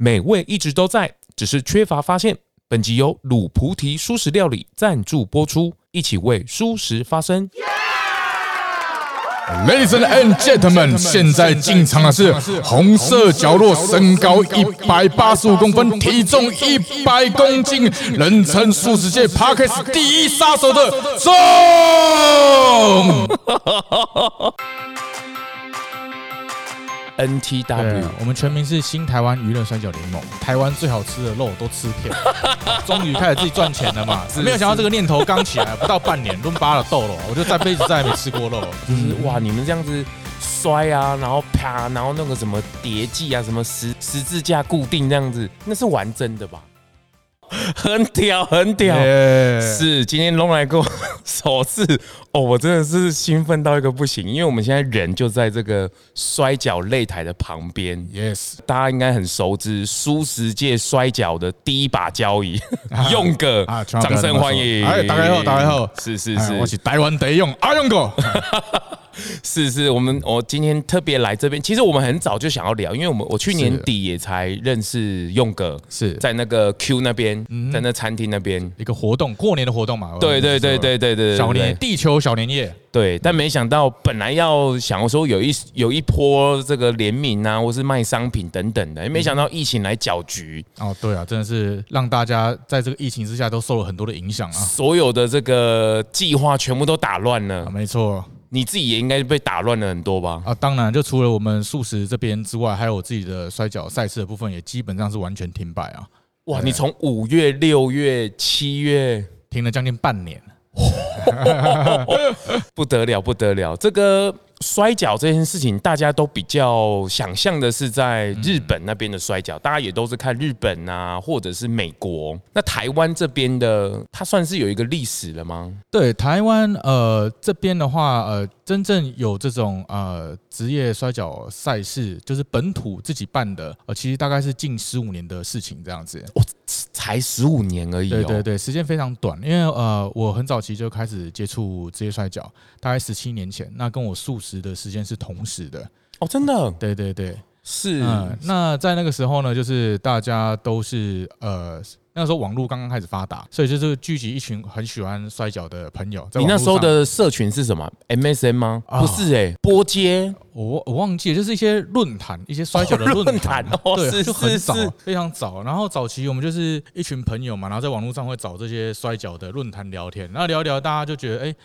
美味一直都在，只是缺乏發現。本集由魯菩提舒適料理贊助播出，一起為舒適發聲。Yeah! Ladies and gentlemen，現在進場的是紅色角落，身高一百八十五公分，體重一百公斤，人稱舒適界 Parkers 第一殺手的 z o NTW、啊、我們全名是新台灣娛樂摔角聯盟。台灣最好吃的肉都吃遍 終於開始自己賺錢了嘛？沒有想到這個念頭剛起來，不到半年掄巴了豆了，我就這輩子再也沒吃過肉。就 是，嗯、哇，你們這樣子摔啊，然後啪，然後那個什麼疊技啊，什麼十十字架固定這樣子，那是玩真的吧？很屌，很屌，yeah. 是今天弄來過首次哦，我真的是興奮到一個不行，因為我們現在人就在這個摔角擂台的旁邊。yes，大家應該很熟知蔬食界，摔角的第一把交椅，yes. 用個，掌聲歡迎，啊、哎，大家好，大家好，是是是，哎、我去台灣得勇啊勇哥。 是是，我們我今天特別來這邊。其實我們很早就想要聊，因為我們我去年底也才認識壅哥，是在那個 Q 那邊，在那餐廳那邊、嗯、一個活動，過年的活動嘛。對對對對對對，小年地球小年夜。對，但沒想到本來要想要說有一有一波這個聯名啊，或是賣商品等等的，也沒想到疫情來攪局。哦，對啊，真的是讓大家在這個疫情之下都受了很多的影響啊，所有的這個計劃全部都打亂了、啊。沒錯。你自己也應該被打亂了很多吧？啊，當然，就除了我們素食這邊之外，還有我自己的摔角賽事的部分，也基本上是完全停擺啊！哇，你從五月、六月、七月停了將近半年 不得了，不得了，這個。摔角這件事情，大家都比較想象的是在日本那邊的摔角，大家也都是看日本啊，或者是美國。那台灣這邊的，它算是有一個歷史了嗎？對，台灣呃這邊的話，呃。真正有這種呃職業摔角賽事，就是本土自己辦的，呃，其實大概是近十五年的事情這樣子。哇、哦，才十五年而已，哦。對對對，時間非常短。因為呃，我很早期就開始接觸職業摔角，大概十七年前，那跟我素食的時間是同時的。哦，真的？對對對。是，嗯，那在那個時候呢，就是大家都是呃，那個時候網絡剛剛開始發達，所以就是聚集一群很喜歡摔角的朋友。你那時候的社群是什麼？MSN 嗎？哦，不是，欸，哎，波街，我我忘記了，就是一些論壇，一些摔角的論壇。哦哦，對，就很早，是非常早。然後早期我們就是一群朋友嘛，然後在網絡上會找這些摔角的論壇聊天，然後聊一聊，大家就覺得哎。欸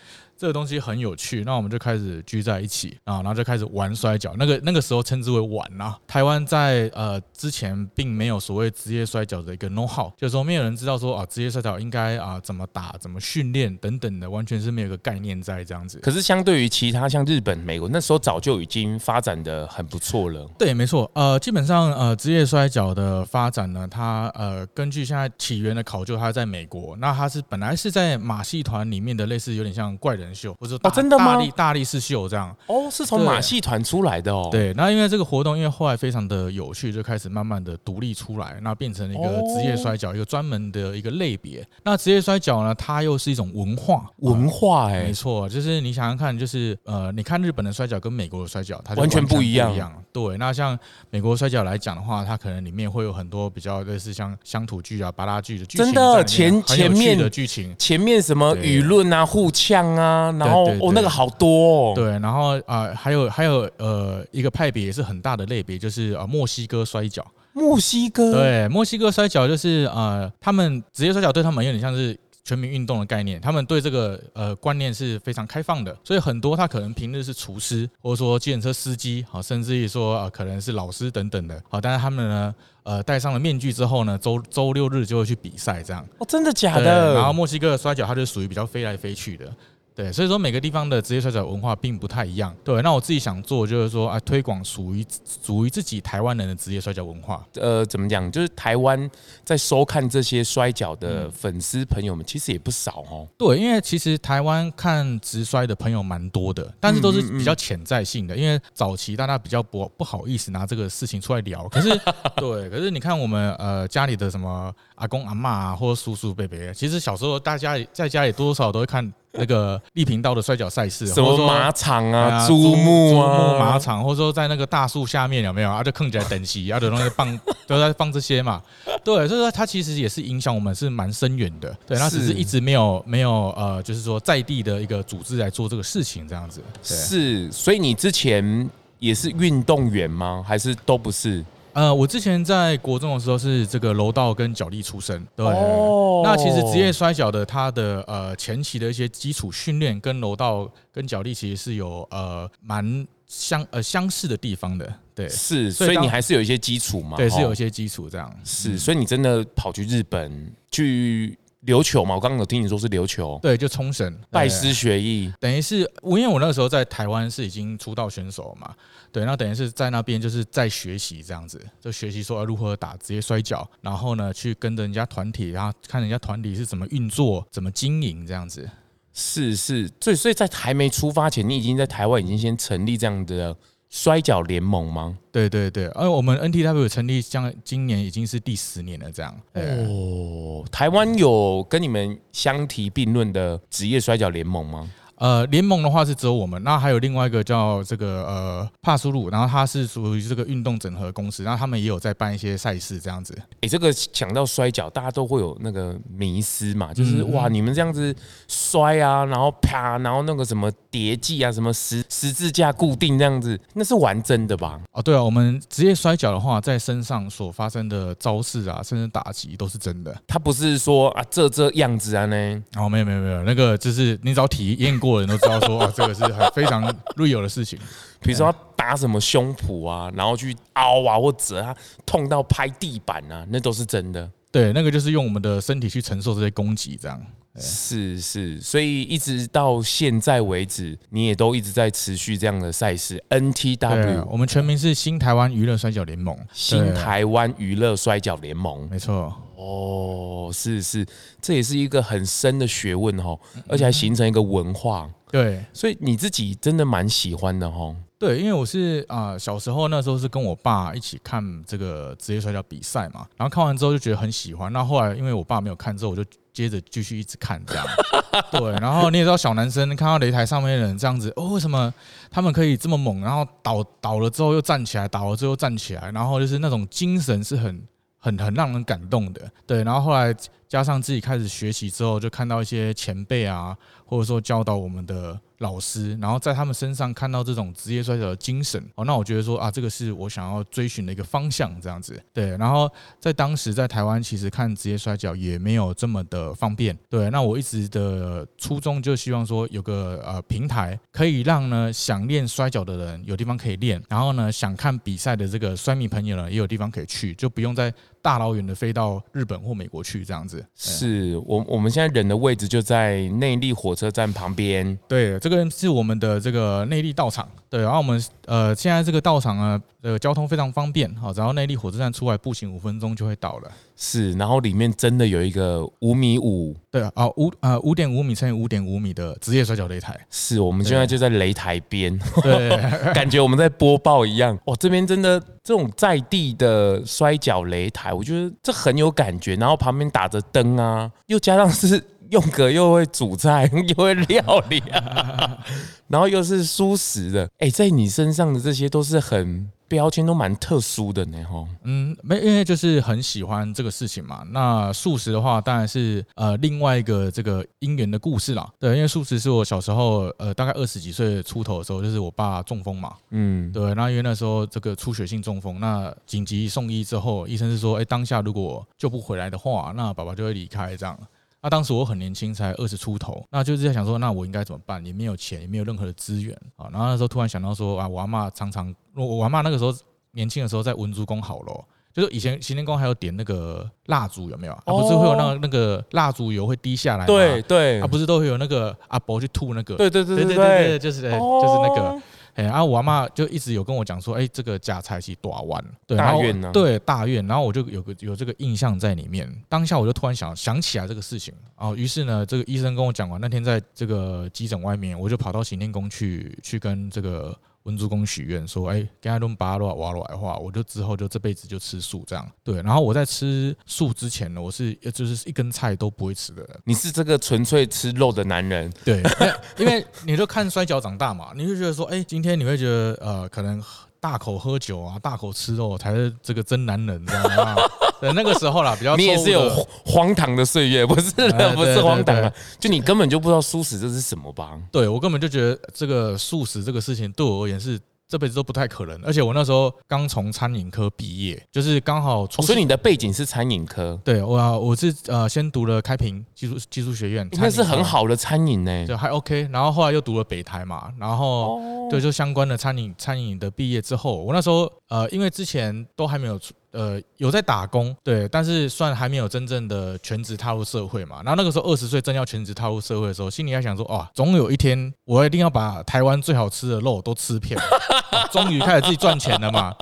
這個東西很有趣，那我們就開始聚在一起啊，然後就開始玩摔角。那個那個時候稱之為玩吶、啊。台灣在呃之前並沒有所謂職業摔角的一個 know how，就是說沒有人知道說啊，呃，職業摔角應該啊、呃、怎麼打、怎麼訓練等等的，完全是沒有個概念在這樣子。可是相對於其他像日本、美國，那時候早就已經發展的很不錯了。對，沒錯。呃，基本上呃職業摔角的發展呢，它呃根據現在起源的考究，它在美國。那它是本來是在馬戲團裡面的，類似有點像怪人。秀，不是大、哦、真的嗎？大力、大力士秀這樣哦，是從馬戲團出來的哦。對，那因為這個活動，因為後來非常的有趣，就開始慢慢的獨立出來，那變成一個職業摔角、哦，一個專門的一個類別。那職業摔角呢，它又是一種文化，文化哎、欸嗯，沒錯，就是你想想看，就是呃，你看日本的摔角跟美國的摔角，它完全不一樣。不一樣，對。那像美國摔角來講的話，它可能裡面會有很多比較類似像鄉土劇啊、巴拉劇的劇情。真的，前前面的劇情，前面什麼輿論啊、互嗆啊。啊，然後對對對哦，那個好多、哦，對，然後啊、呃，還有還有呃，一個派別也是很大的類別，就是啊、呃，墨西哥摔跤，墨西哥對墨西哥摔跤就是啊、呃，他們職業摔跤對他們有點像是全民運動的概念，他們對這個呃觀念是非常開放的，所以很多他可能平日是廚師，或者說計程車司機，好，甚至於說啊、呃，可能是老師等等的，好，但是他們呢，呃，戴上了面具之後呢，周周六日就會去比賽，這樣哦，真的假的？然後墨西哥的摔跤，它就是屬於比較飛來飛去的。對，所以說每個地方的職業摔角文化並不太一樣。對，那我自己想做就是說，啊，推廣屬於屬於自己台灣人的職業摔角文化。呃，怎麼講？就是台灣在收看這些摔角的粉絲朋友們，其實也不少哦、嗯。對，因為其實台灣看直摔的朋友蠻多的，但是都是比較潛在性的嗯嗯嗯，因為早期大家比較不不好意思拿這個事情出來聊。可是， 對，可是你看我們呃家裡的什麼阿公阿嬤啊，或叔叔伯伯，其實小時候大家在家裡多少都會看。那個麗平道的摔角賽事，什麼馬場啊、珠穆啊、馬、啊、場，或者說在那個大樹下面有沒有啊就 就？就扛起來等騎，然後那些放都在放這些嘛。對，所以說它其實也是影響我們是蠻深遠的。對，他只是一直沒有沒有呃，就是說在地的一個組織來做這個事情這樣子。是，所以你之前也是運動員嗎？還是都不是？呃，我之前在國中的時候是這個柔道跟角力出身，對、哦。那其實職業摔角的他的呃前期的一些基礎訓練跟柔道跟角力其實是有呃蠻相呃相似的地方的，對。是，所以你還是有一些基礎嘛？對，是有一些基礎這樣、嗯。是，所以你真的跑去日本去。琉球嘛，我剛剛有聽你說是琉球，對，就沖繩，拜師學藝，等於是我，因為我那個時候在台灣是已經出道選手了嘛，對，那等於是在那邊就是在學習這樣子，就學習說要如何打職業摔角，然後呢去跟着人家團體，然後看人家團體是怎麼運作、怎麼經營這樣子，是是，所以所以在還沒出發前，你已經在台灣已經先成立這樣的。摔角聯盟嗎？對對對，而我們 NTW 成立，將今年已經是第十年了，這樣。哦，台灣有跟你們相提並論的職業摔角聯盟嗎？呃，聯盟的話是只有我們，那還有另外一個叫這個呃帕蘇魯，然後他是屬於這個運動整合公司，然後他們也有在辦一些賽事這樣子。誒、欸，這個講到摔角，大家都會有那個迷思嘛，就是、嗯、哇，你們這樣子摔啊，然後啪，然後那個什麼疊技啊，什麼十十字架固定這樣子，那是玩真的吧？啊、哦，對啊，我們職業摔角的話，在身上所發生的招式啊，甚至打擊都是真的。他不是說啊這這樣子啊那。哦，沒有沒有沒有，那個就是你只體驗。過 人都知道說啊，這個是很非常 real 的事情 比如說他打什麼胸脯啊，然後去凹啊或者他，啊、痛到拍地板啊，那都是真的。對，那個就是用我們的身體去承受這些攻擊，這樣是是。所以一直到現在為止，你也都一直在持續這樣的賽事。NTW、啊、我們全名是新台灣娛樂摔角聯盟、啊。新台灣娛樂摔角聯盟，啊、沒錯。哦，是是，這也是一個很深的學問哦，而且還形成一個文化、嗯。對，所以你自己真的蠻喜歡的哦。對，因為我是啊、呃，小時候那時候是跟我爸一起看這個職業摔角比賽嘛，然後看完之後就覺得很喜歡。那後，後來因為我爸沒有看，之後我就接着繼續一直看這樣。 對，然後你也知道，小男生看到擂台上面的人這樣子，哦，為什麼他們可以這麼猛？然後倒倒了之後又站起來，倒了之後又站起來，然後就是那種精神是很。很很讓人感動的，對。然後後來加上自己開始學習之後，就看到一些前輩啊，或者說教導我們的老師，然後在他們身上看到這種職業摔角的精神哦、喔。那我覺得說啊，這個是我想要追尋的一個方向，這樣子。對。然後在當時在台灣，其實看職業摔角也沒有這麼的方便。對。那我一直的初衷就希望說，有個呃平台，可以讓呢想練摔角的人有地方可以練，然後呢想看比賽的這個摔迷朋友呢也有地方可以去，就不用再。大老遠的飛到日本或美國去，這樣子。是我，我們現在人的位置就在內壢火車站旁邊。對，這個是我們的這個內壢道場。對，然後我們呃現在這個道場呢，呃交通非常方便，好，只要內壢火車站出來步行五分鐘就會到了。是，然後裡面真的有一個五米五，對啊，啊五啊五點五米乘以五點五米的職業摔角擂台，是我們現在就在擂台邊，對，感覺我們在播報一樣。哇，這邊真的這種在地的摔角擂台，我覺得這很有感覺。然後旁邊打着燈啊，又加上是壅哥又會煮菜又會料理，啊，然後又是蔬食的。哎，在你身上的這些都是很。標籤都蠻特殊的呢。嗯，沒，因為就是很喜歡這個事情嘛。那素食的話，當然是呃另外一個這個因緣的故事啦。對，因為素食是我小時候呃大概二十幾歲出頭的時候，就是我爸中風嘛。嗯，對，那因為那時候這個出血性中風，那緊急送醫之後，醫生是說，哎、欸，當下如果救不回來的話，那爸爸就會離開這樣。那、啊、當時我很年輕，才二十出頭，那就是在想說，那我應該怎麼辦？也沒有錢，也沒有任何的資源啊。然後那時候突然想到說，啊，我阿媽常常，我我阿媽那個時候年輕的時候在文竹宮好嘍，就是以前行天宮還有點那個蠟燭，有沒有？哦、啊。不是會有那個那個蠟燭油會滴下來嗎？對對。啊，不是都會有那個阿伯去吐那個。對對對對對對對，對，對對，就是、哦、就是那個。哎，阿、啊、五我阿媽就一直有跟我講說，哎、欸，這個假拆起大彎，對大院、啊，對大院，然後我就有個有這個印象在裡面。當下我就突然想想起來這個事情，哦，於是呢，這個醫生跟我講完那天在這個急診外面，我就跑到行天宮去，去跟這個。文殊公許願說：“哎、欸，跟他都拔落挖落的話，我就之後就這輩子就吃素這樣。對，然後我在吃素之前呢，我是就是一根菜都不會吃的人。你是這個純粹吃肉的男人，啊、對，因為你就看摔角長大嘛， 你就覺得說，哎、欸，今天你會覺得呃，可能大口喝酒啊，大口吃肉才是這個真男人，這樣 那個時候啦，比較你也是有荒唐的歲月，不是不是荒唐啊。呃、對對對對，就你根本就不知道素食這是什麼吧。對，我根本就覺得這個素食這個事情對我而言是這輩子都不太可能。而且我那時候剛從餐飲科畢業，就是剛好從、哦、所以你的背景是餐飲科。對，我我是呃先讀了開平技術技術學院，那是很好的餐飲呢，就還 OK。然後後來又讀了北台嘛，然後、哦、對，就相關的餐飲餐飲的畢業之後，我那時候呃因為之前都還沒有。呃，有在打工，對，但是算還沒有真正的全職踏入社會嘛。然後那個時候二十歲，正要全職踏入社會的時候，心裡還想說，哇，總有一天我一定要把台灣最好吃的肉都吃遍。終於開始自己賺錢了嘛，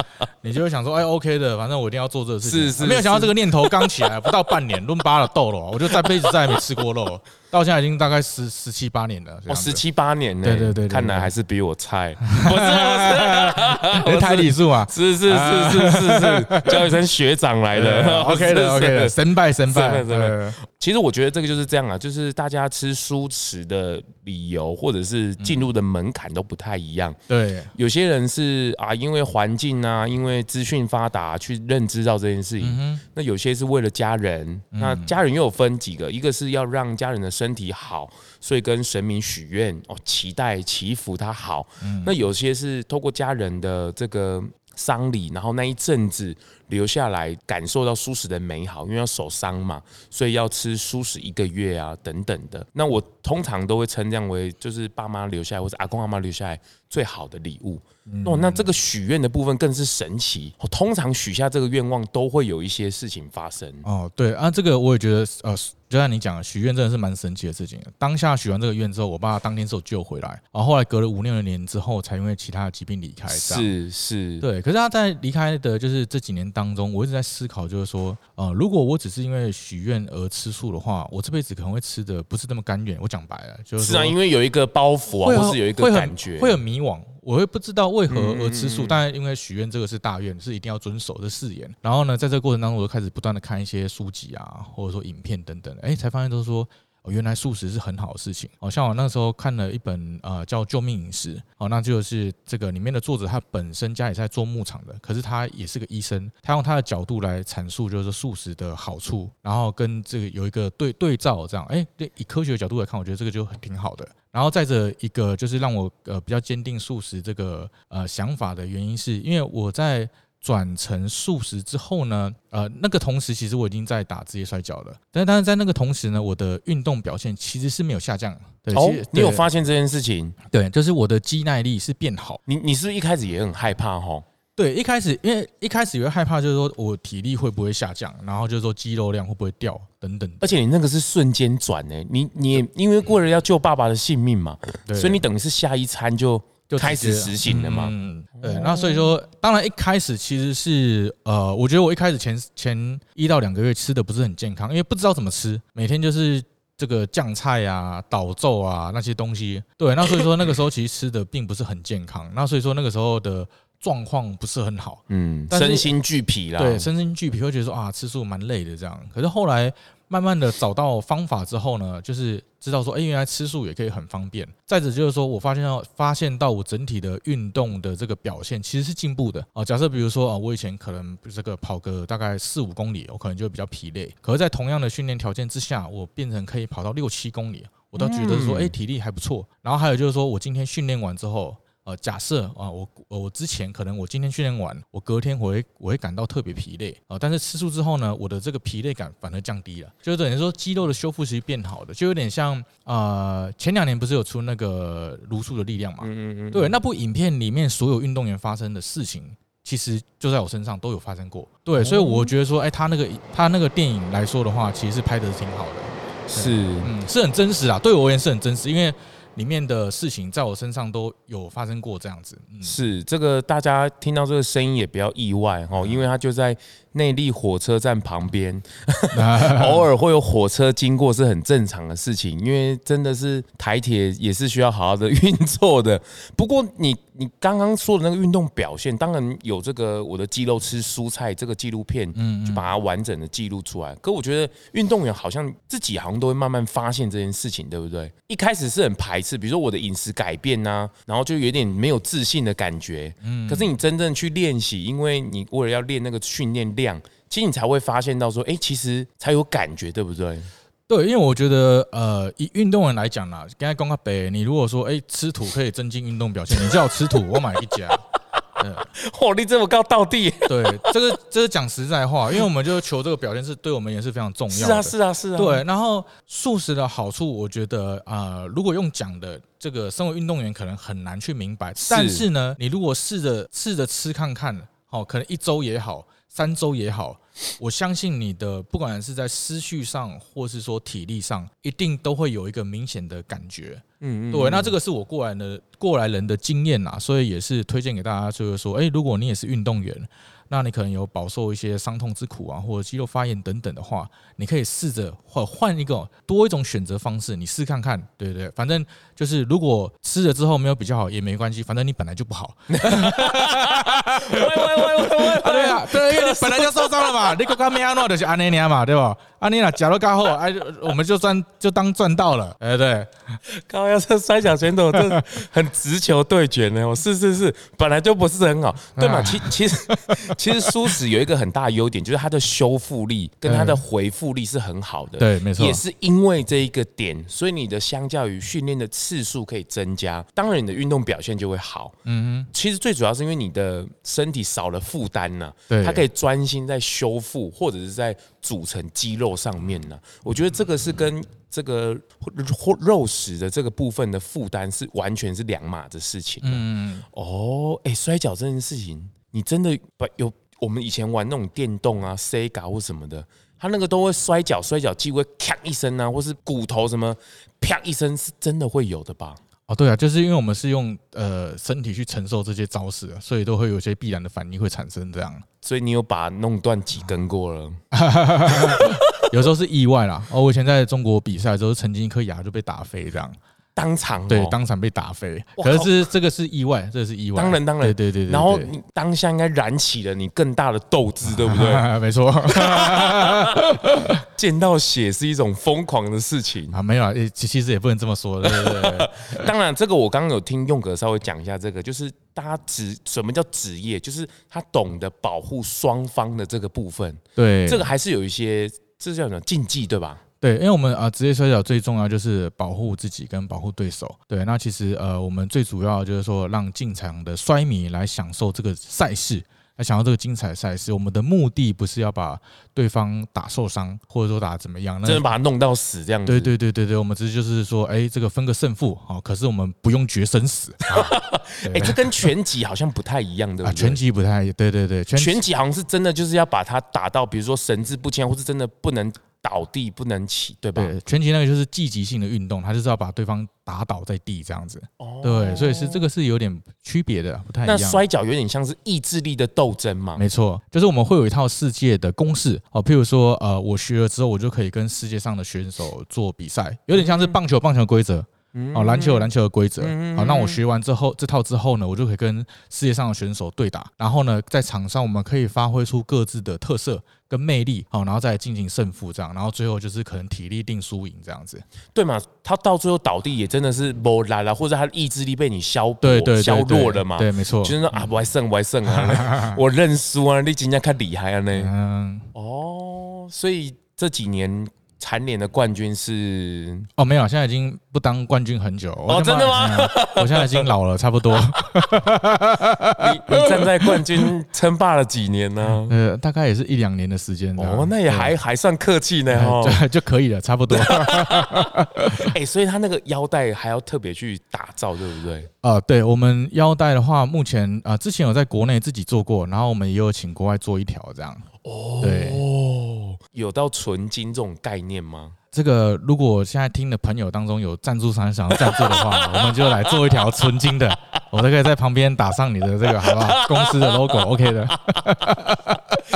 你就會想說，哎，OK 的，反正我一定要做這個事情。是沒有想到這個念頭剛起來不到半年，掄巴了豆了，我就這輩子再也沒吃過肉。到現在已經大概十十七八年了，哦，十七八年呢，對對對，對，看來還是比我菜， 我是，我是，太禮數嘛，是、啊、是是是是是，是，是，是，叫一聲學長來的、啊、 ，OK 的 OK 的，OK 的，神敗神敗敗。其實我覺得這個就是這樣啊，就是大家吃蔬食的理由或者是進入的門檻都不太一樣。對，有些人是啊，因為環境啊，因為資訊發達啊，去認知到這件事情，嗯。那有些是為了家人，那家人又有分幾個，一個是要讓家人的身體好，所以跟神明許願哦，期待祈福他好，嗯。那有些是透過家人的這個喪禮，然後那一陣子。留下來感受到蔬食的美好，因為要守喪嘛，所以要吃蔬食一個月啊，等等的。那我通常都會稱這樣為，就是爸媽留下來或者阿公阿媽留下來最好的禮物。嗯。哦，那這個許願的部分更是神奇。哦，通常許下這個願望，都會有一些事情發生。哦，對啊，這個我也覺得，呃，就像你講的，許願真的是蠻神奇的事情。當下許完這個願之後，我爸當天是有救回來，然後後來隔了五六年之後，才因為其他的疾病離開。是是，對。可是他在離開的，就是這幾年當。當中，我一直在思考，就是說，呃，如果我只是因為許願而吃素的話，我這輩子可能會吃得不是那麼甘願。我講白了，就是、是啊，因為有一個包袱啊，或是有一個感覺，會很,會很迷惘，我會不知道為何而吃素。嗯、但因為許願這個是大願，是一定要遵守的誓言。然後呢，在這個過程當中，我就開始不斷的看一些書籍啊，或者說影片等等，哎、欸，才發現都是說。哦，原來素食是很好的事情，哦。好像我那時候看了一本呃叫《救命飲食》，哦，那就是這個裡面的作者他本身家也是在做牧場的，可是他也是個醫生，他用他的角度來闡述就是素食的好處，然後跟這個有一個對對照這樣，哎，對，以科學的角度來看，我覺得這個就很挺好的。然後再者一個就是讓我呃比較堅定素食這個呃想法的原因，是因為我在。轉成素食之後呢，呃，那個同時，其實我已經在打職業摔角了。但是，但是在那個同時呢，我的運動表現其實是沒有下降。好，你有發現這件事情？對，就是我的肌耐力是變好。你你是不是一開始也很害怕吼？對，一開始因為一開始也會害怕，就是說我體力會不會下降，然後就是說肌肉量會不會掉等等。而且你那個是瞬間轉誒，你你因為過了要救爸爸的性命嘛，所以你等於是下一餐就。就、嗯、開始實行了嗎？嗯，對。那所以說，當然一開始其實是呃，我覺得我一開始前前一到兩個月吃的不是很健康，因為不知道怎麼吃，每天就是這個醬菜啊、倒粥啊那些東西。對，那所以說那個時候其實吃的並不是很健康。 那所以說那個時候的狀況不是很好，嗯，身心俱疲啦。對，身心俱疲會覺得說啊，吃素蠻累的這樣。可是後來。慢慢的找到方法之後呢，就是知道說，哎，原來吃素也可以很方便。再者就是說我發現到發現到我整體的運動的這個表現其實是進步的啊。假設比如說啊，我以前可能這個跑個大概四五公里，我可能就會比較疲累。可是在同樣的訓練條件之下，我變成可以跑到六七公里，我倒覺得說，哎，體力還不錯。然後還有就是說我今天訓練完之後。呃，假設啊、呃，我我之前可能我今天訓練完，我隔天我會我會感到特別疲累啊、呃，但是吃素之後呢，我的這個疲累感反而降低了，就是等於說肌肉的修復其實變好的，就有點像呃，前兩年不是有出那個《茹素的力量》嘛、嗯嗯，嗯、對，那部影片裡面所有運動員發生的事情，其實就在我身上都有發生過，對，所以我覺得說，哎、欸，他那個他那個電影來說的話，其實是拍得挺好的，是嗯，嗯，是很真實啊，對我而言是很真實，因為。裡面的事情在我身上都有發生過這樣子，嗯、是這個，大家聽到這個聲音也比較意外哦，因為他就在。內力火車站旁邊， 偶爾會有火車經過是很正常的事情，因為真的是台鐵也是需要好好的運作的。不過你你剛剛說的那個運動表現，當然有這個我的肌肉吃蔬菜這個紀錄片，嗯，就把它完整的記錄出來、嗯。嗯、可我覺得運動員好像自己好像都會慢慢發現這件事情，對不對？一開始是很排斥，比如說我的飲食改變吶、啊，然後就有點沒有自信的感覺，嗯。可是你真正去練習，因為你為了要練那個訓練練。這樣，其實你才會發現到說，哎、欸，其實才有感覺，對不對？對，因為我覺得，呃，以運動員來講呢，剛才剛剛北，你如果說，哎、欸，吃土可以增進運動表現， 你叫我吃土，我買一家，嗯， 哦，火力這麼高到底？ 對，這個這是講實在話，因為我們就求這個表現是，是 對我們也是非常重要。是啊，是啊，是啊，對。然後素食的好處，我覺得呃，如果用講的這個，身為運動員可能很難去明白，是但是呢，你如果試着試着吃看看，哦，可能一周也好。三周也好。我相信你的，不管是在思緒上，或是說體力上，一定都會有一個明顯的感覺。嗯嗯，對。那這個是我過來的過來人的經驗啦，所以也是推薦給大家，就是說，哎，如果你也是運動員，那你可能有飽受一些傷痛之苦啊，或者肌肉發炎等等的話，你可以試着換換一個多一種選擇方式，你試看看。對不對？反正就是如果吃了之後沒有比較好，也沒關係，反正你本來就不好。哈哈哈，喂喂喂喂，對啊，對，因為你本來就受傷了吧。啊，你個搞咩啊？的就是安妮妮嘛，對吧？安妮娜，假如搞好，哎、啊，我們就算，就當賺到了、欸哎，哎，對。搞一下這三小拳頭，這很直球對決呢、欸。我是是是，本來就不是很好，對嘛？其其實其實，其實蔬食有一個很大的優點，就是它的修復力跟它的回復力是很好的，對，沒錯。也是因為這一個點，所以你的相較於訓練的次數可以增加，當然你的運動表現就會好。嗯哼。其實最主要是因為你的身體少了負擔了，對，他可以專心在修。托負或者是在組成肌肉上面呢、啊？我覺得這個是跟這個肉食的這個部分的負擔是完全是兩碼的事情。嗯哦，哎、欸，摔角這件事情，你真的有？我們以前玩那種電動啊，Sega 或什麼的，他那個都會摔角，摔角幾乎會咔一聲啊，或是骨頭什麼啪一聲，是真的會有的吧？哦、oh，對啊，就是因為我們是用呃身體去承受這些招式，所以都會有些必然的反應會產生這樣。所以你有把它弄斷幾根過了？ 有時候是意外啦。哦，我以前在中國比賽的時候，曾經一顆牙就被打飛這樣。當場、哦、對，當場被打飛。可是這個是意外，這個是意外。當然，當然，對對對，對。然後你當下應該燃起了你更大的鬥志、啊，對不對？啊、沒錯。 見到血是一種瘋狂的事情啊！沒有啊，其其實也不能這麼說的，對不對，對？當然，這個我剛剛有聽壅哥稍微講一下，這個就是大家職什麼叫職業，就是他懂得保護雙方的這個部分。對，這個還是有一些，這叫什麼禁忌，對吧？對，因為我們啊，職、呃、業摔角最重要就是保護自己跟保護對手。對，那其實呃，我們最主要就是說，讓進場的摔迷來享受這個賽事，來享受這個精彩賽事。我們的目的不是要把對方打受傷，或者說打怎麼樣，真的把他弄到死這樣。對對對對對，我們直接就是說，哎、欸，這個分個勝負好，可是我們不用決生死。哎、 欸，這、欸、跟拳擊好像不太一樣， 對吧、啊？拳擊不太對對對，拳擊好像是真的就是要把他打到，比如說神志不清，或是真的不能。倒地不能起，對吧？對，拳擊那個就是積極性的運動，它就是要把對方打倒在地這樣子。哦，對，所以是這個是有點區別的，不太一樣。那摔角有點像是意志力的鬥爭嘛？沒錯，就是我們會有一套世界的公式哦，譬如說，呃，我學了之後，我就可以跟世界上的選手做比賽，有點像是棒球、棒球規則、嗯嗯、哦，籃球、籃球的規則、嗯嗯。好，那我學完之後這套之後呢，我就可以跟世界上的選手對打，然後呢，在場上我們可以發揮出各自的特色。跟魅力好，然後再進行勝負這樣，然後最後就是可能體力定輸贏這樣子，對嘛？他到最後倒地也真的是沒來了，或者他的意志力被你消對削弱了嘛，對對對對？對，沒錯，就是說啊、嗯，我還剩我還剩、啊、 我認輸啊，你今天太厲害了、啊、呢。哦， 嗯 oh, 所以這幾年。蟬聯的冠軍是哦，沒有，現在已經不當冠軍很久哦，真的嗎、嗯？我現在已經老了，差不多。 你你站在冠軍稱霸了幾年呢、啊？呃，大概也是一兩年的時間哦，那也還還算客氣呢，哦，就可以了，差不多。哎、 欸，所以他那個腰帶還要特別去打造，對不對？啊、呃，對，我們腰帶的話，目前啊、呃，之前有在國內自己做過，然後我們也有請國外做一條這樣。哦，對。哦有到純金這種概念嗎？這個如果現在聽的朋友當中有贊助商想要贊助的話， 我們就來做一條純金的，我都可以在旁邊打上你的這個，好不好？ 公司的 logo，OK OK 的。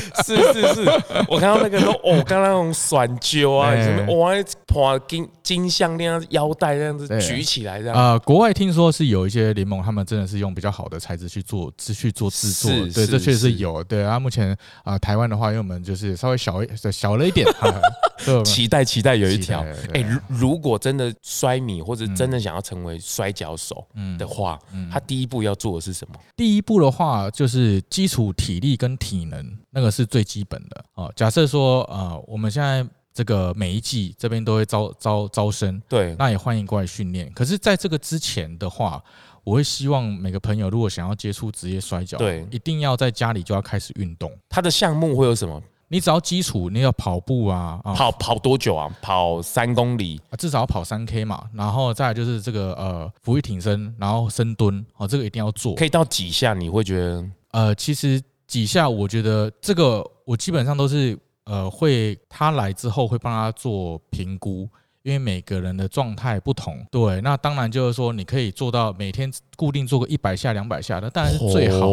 是是是，我看到那個說哦，剛剛那種甩揪啊，什麼，我還跑金金項鏈、腰帶這樣子舉起來這樣啊、呃。國外聽說是有一些聯盟，他們真的是用比較好的材質去做制去做製作，是是是是對，這確實有。對啊，目前啊、呃，台灣的話，因為我們就是稍微小一小了一點， 嗯、們期待期待有一條。哎、啊欸，如果真的摔米或者真的想要成為摔跤手的話、嗯，他第一步要做的是什麼？嗯嗯、第一步的話，就是基礎體力跟體能。那個是最基本的啊。假設說，啊，我們現在這個每一季這邊都會招招招生，對，那也歡迎過來訓練。可是，在這個之前的話，我會希望每個朋友，如果想要接觸職業摔跤，對，一定要在家裡就要開始運動。他的項目會有什麼？你只要基礎，你要跑步啊，啊，跑跑多久啊？跑三公里，啊，至少要跑三 K 嘛。然後再來就是這個呃，俯臥挺身，然後深蹲，哦，這個一定要做。可以到幾下？你會覺得？呃，其實。幾下，我覺得這個我基本上都是呃會他來之後會幫他做評估，因為每個人的狀態不同。對，那當然就是說你可以做到每天固定做個一百下、兩百下的，當然是最好。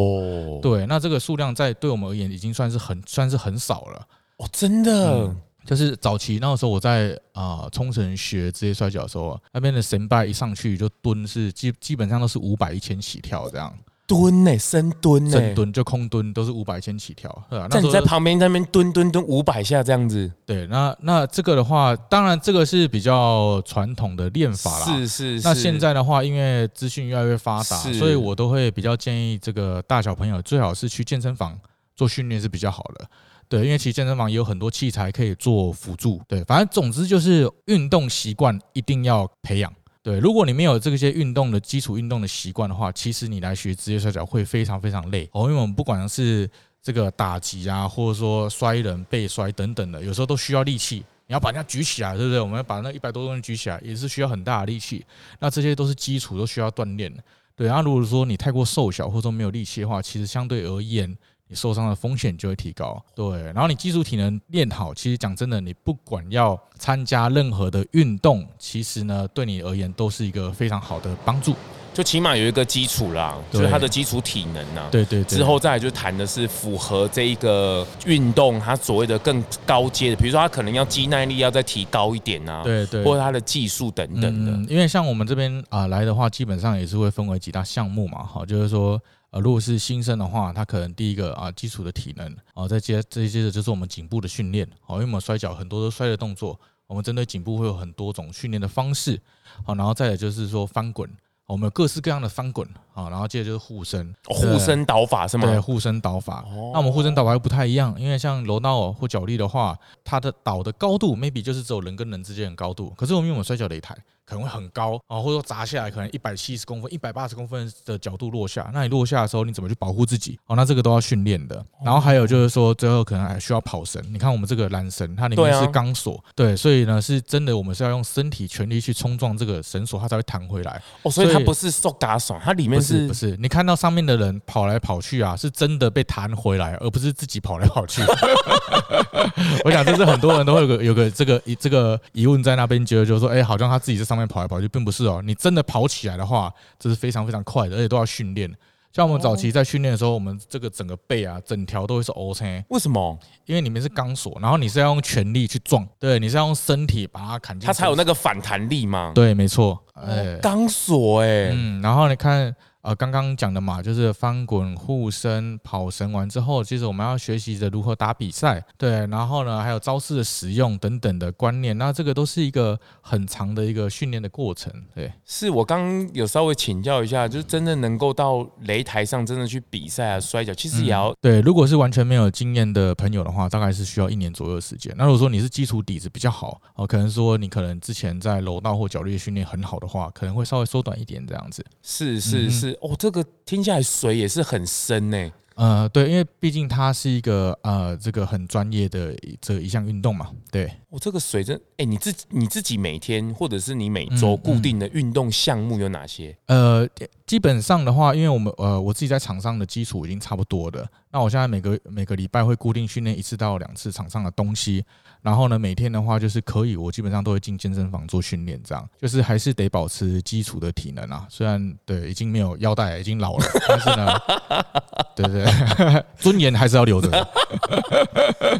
對，那這個數量在對我們而言已經算是很算是很少了。哦，真的，就是早期那個時候我在啊沖繩學職業摔角的時候，那邊的前輩一上去就蹲是基基本上都是五百、一千起跳這樣。蹲呢、欸，深蹲呢、欸，深蹲就空蹲都是五百千起跳。那、啊、你在旁邊那邊蹲蹲蹲五百下這樣子？對，那那這個的話，當然這個是比較傳統的練法啦。是是是。那現在的話，因為資訊越來越發達，所以我都會比較建議這個大小朋友最好是去健身房做訓練是比較好的。對，因為其實健身房也有很多器材可以做輔助。對，反正總之就是運動習慣一定要培養。對，如果你沒有這些運動的基礎運動的習慣的話，其實你來學職業摔角會非常非常累哦。因為我們不管是這個打擊啊，或者說摔人、被摔等等的，有時候都需要力氣，你要把人家舉起來，對不對？我們要把那一百多公斤舉起來，也是需要很大的力氣。那這些都是基礎，都需要鍛鍊。對，然、啊、如果說你太過瘦小或者說沒有力氣的話，其實相對而言。受傷的風險就會提高，對。然後你基礎體能練好，其實講真的，你不管要參加任何的運動，其實呢，對你而言都是一個非常好的幫助，就起碼有一個基礎啦，就是它的基礎體能呢、啊。對對，對。之後再來就談的是符合這一個運動，它所謂的更高階的，比如說它可能要肌耐力要再提高一點啊，對對，對。嗯、或者它的技術等等的、嗯。因為像我們這邊啊來的話，基本上也是會分為幾大項目嘛，哈，就是說。呃、如果是新生的話，他可能第一個啊，基礎的體能，啊，再接，再接着就是我們頸部的訓練，好、哦，因為我們摔角很多都摔的動作，我們針對頸部會有很多種訓練的方式，好、哦，然後再有就是說翻滾，我們有各式各樣的翻滾，啊、哦，然後接着就是護身，護、哦、身倒法是嗎？對，護身倒法。哦、那我們護身倒法又不太一樣，因為像柔道或角力的話，它的倒的高度 maybe 就是只有人跟人之間的高度，可是我們因為我們摔角擂台。可能會很高啊、哦，或者說砸下來可能一百七十公分、一百八十公分的角度落下，那你落下的時候你怎麼去保護自己哦？那這個都要訓練的。然後還有就是說，最後可能還需要跑繩。你看我們這個纜繩，它裡面是鋼索對、啊，對，所以呢是真的，我們是要用身體全力去衝撞這個繩索，它才會彈回來哦。所以它不是塑膠繩，它裡面是不是，不是？你看到上面的人跑來跑去啊，是真的被彈回來，而不是自己跑來跑去。 我想這是很多人都會有個有個這個這個疑問在那邊，覺得就是說，哎、欸，好像他自己是。上面跑來跑去並不是哦，你真的跑起來的話，這是非常非常快的，而且都要訓練。像我們早期在訓練的時候、哦，我們這個整個背啊，整條都會是 O 型。為什麼？因為裡面是鋼索，然後你是要用全力去撞，對，你是要用身體把它砍進。它才有那個反彈力嘛。對，沒錯。鋼、哦、索哎、欸，嗯，然後你看。呃，剛剛講的嘛，就是翻滾、護身、跑繩完之後，其實我們要學習着如何打比賽，對。然後呢，還有招式的使用等等的觀念，那這個都是一個很長的一個訓練的過程，對。是我剛剛有稍微請教一下，就是真正能夠到擂台上真的去比賽啊，摔角其實也要、嗯、對。如果是完全沒有經驗的朋友的話，大概是需要一年左右的時間。那如果說你是基礎底子比較好，哦、呃，可能說你可能之前在柔道或角力訓練很好的話，可能會稍微縮短一點這樣子。是是是。嗯哦，這個聽起來水也是很深呢、欸。呃，對，因為畢竟它是一個呃這個很專業的這一項運動嘛。對我、哦、這個水真，哎、欸，你自己你自己每天或者是你每周固定的運動項目有哪些、嗯嗯？呃，基本上的話，因為我們呃我自己在場上的基礎已經差不多了。那我現在每個每個禮拜會固定訓練一次到兩次場上的東西，然後呢，每天的話就是可以，我基本上都會進健身房做訓練，這樣就是還是得保持基礎的體能啊。雖然對已經沒有腰帶，已經老了，但是呢， 對不對，對？ 尊嚴還是要留着的。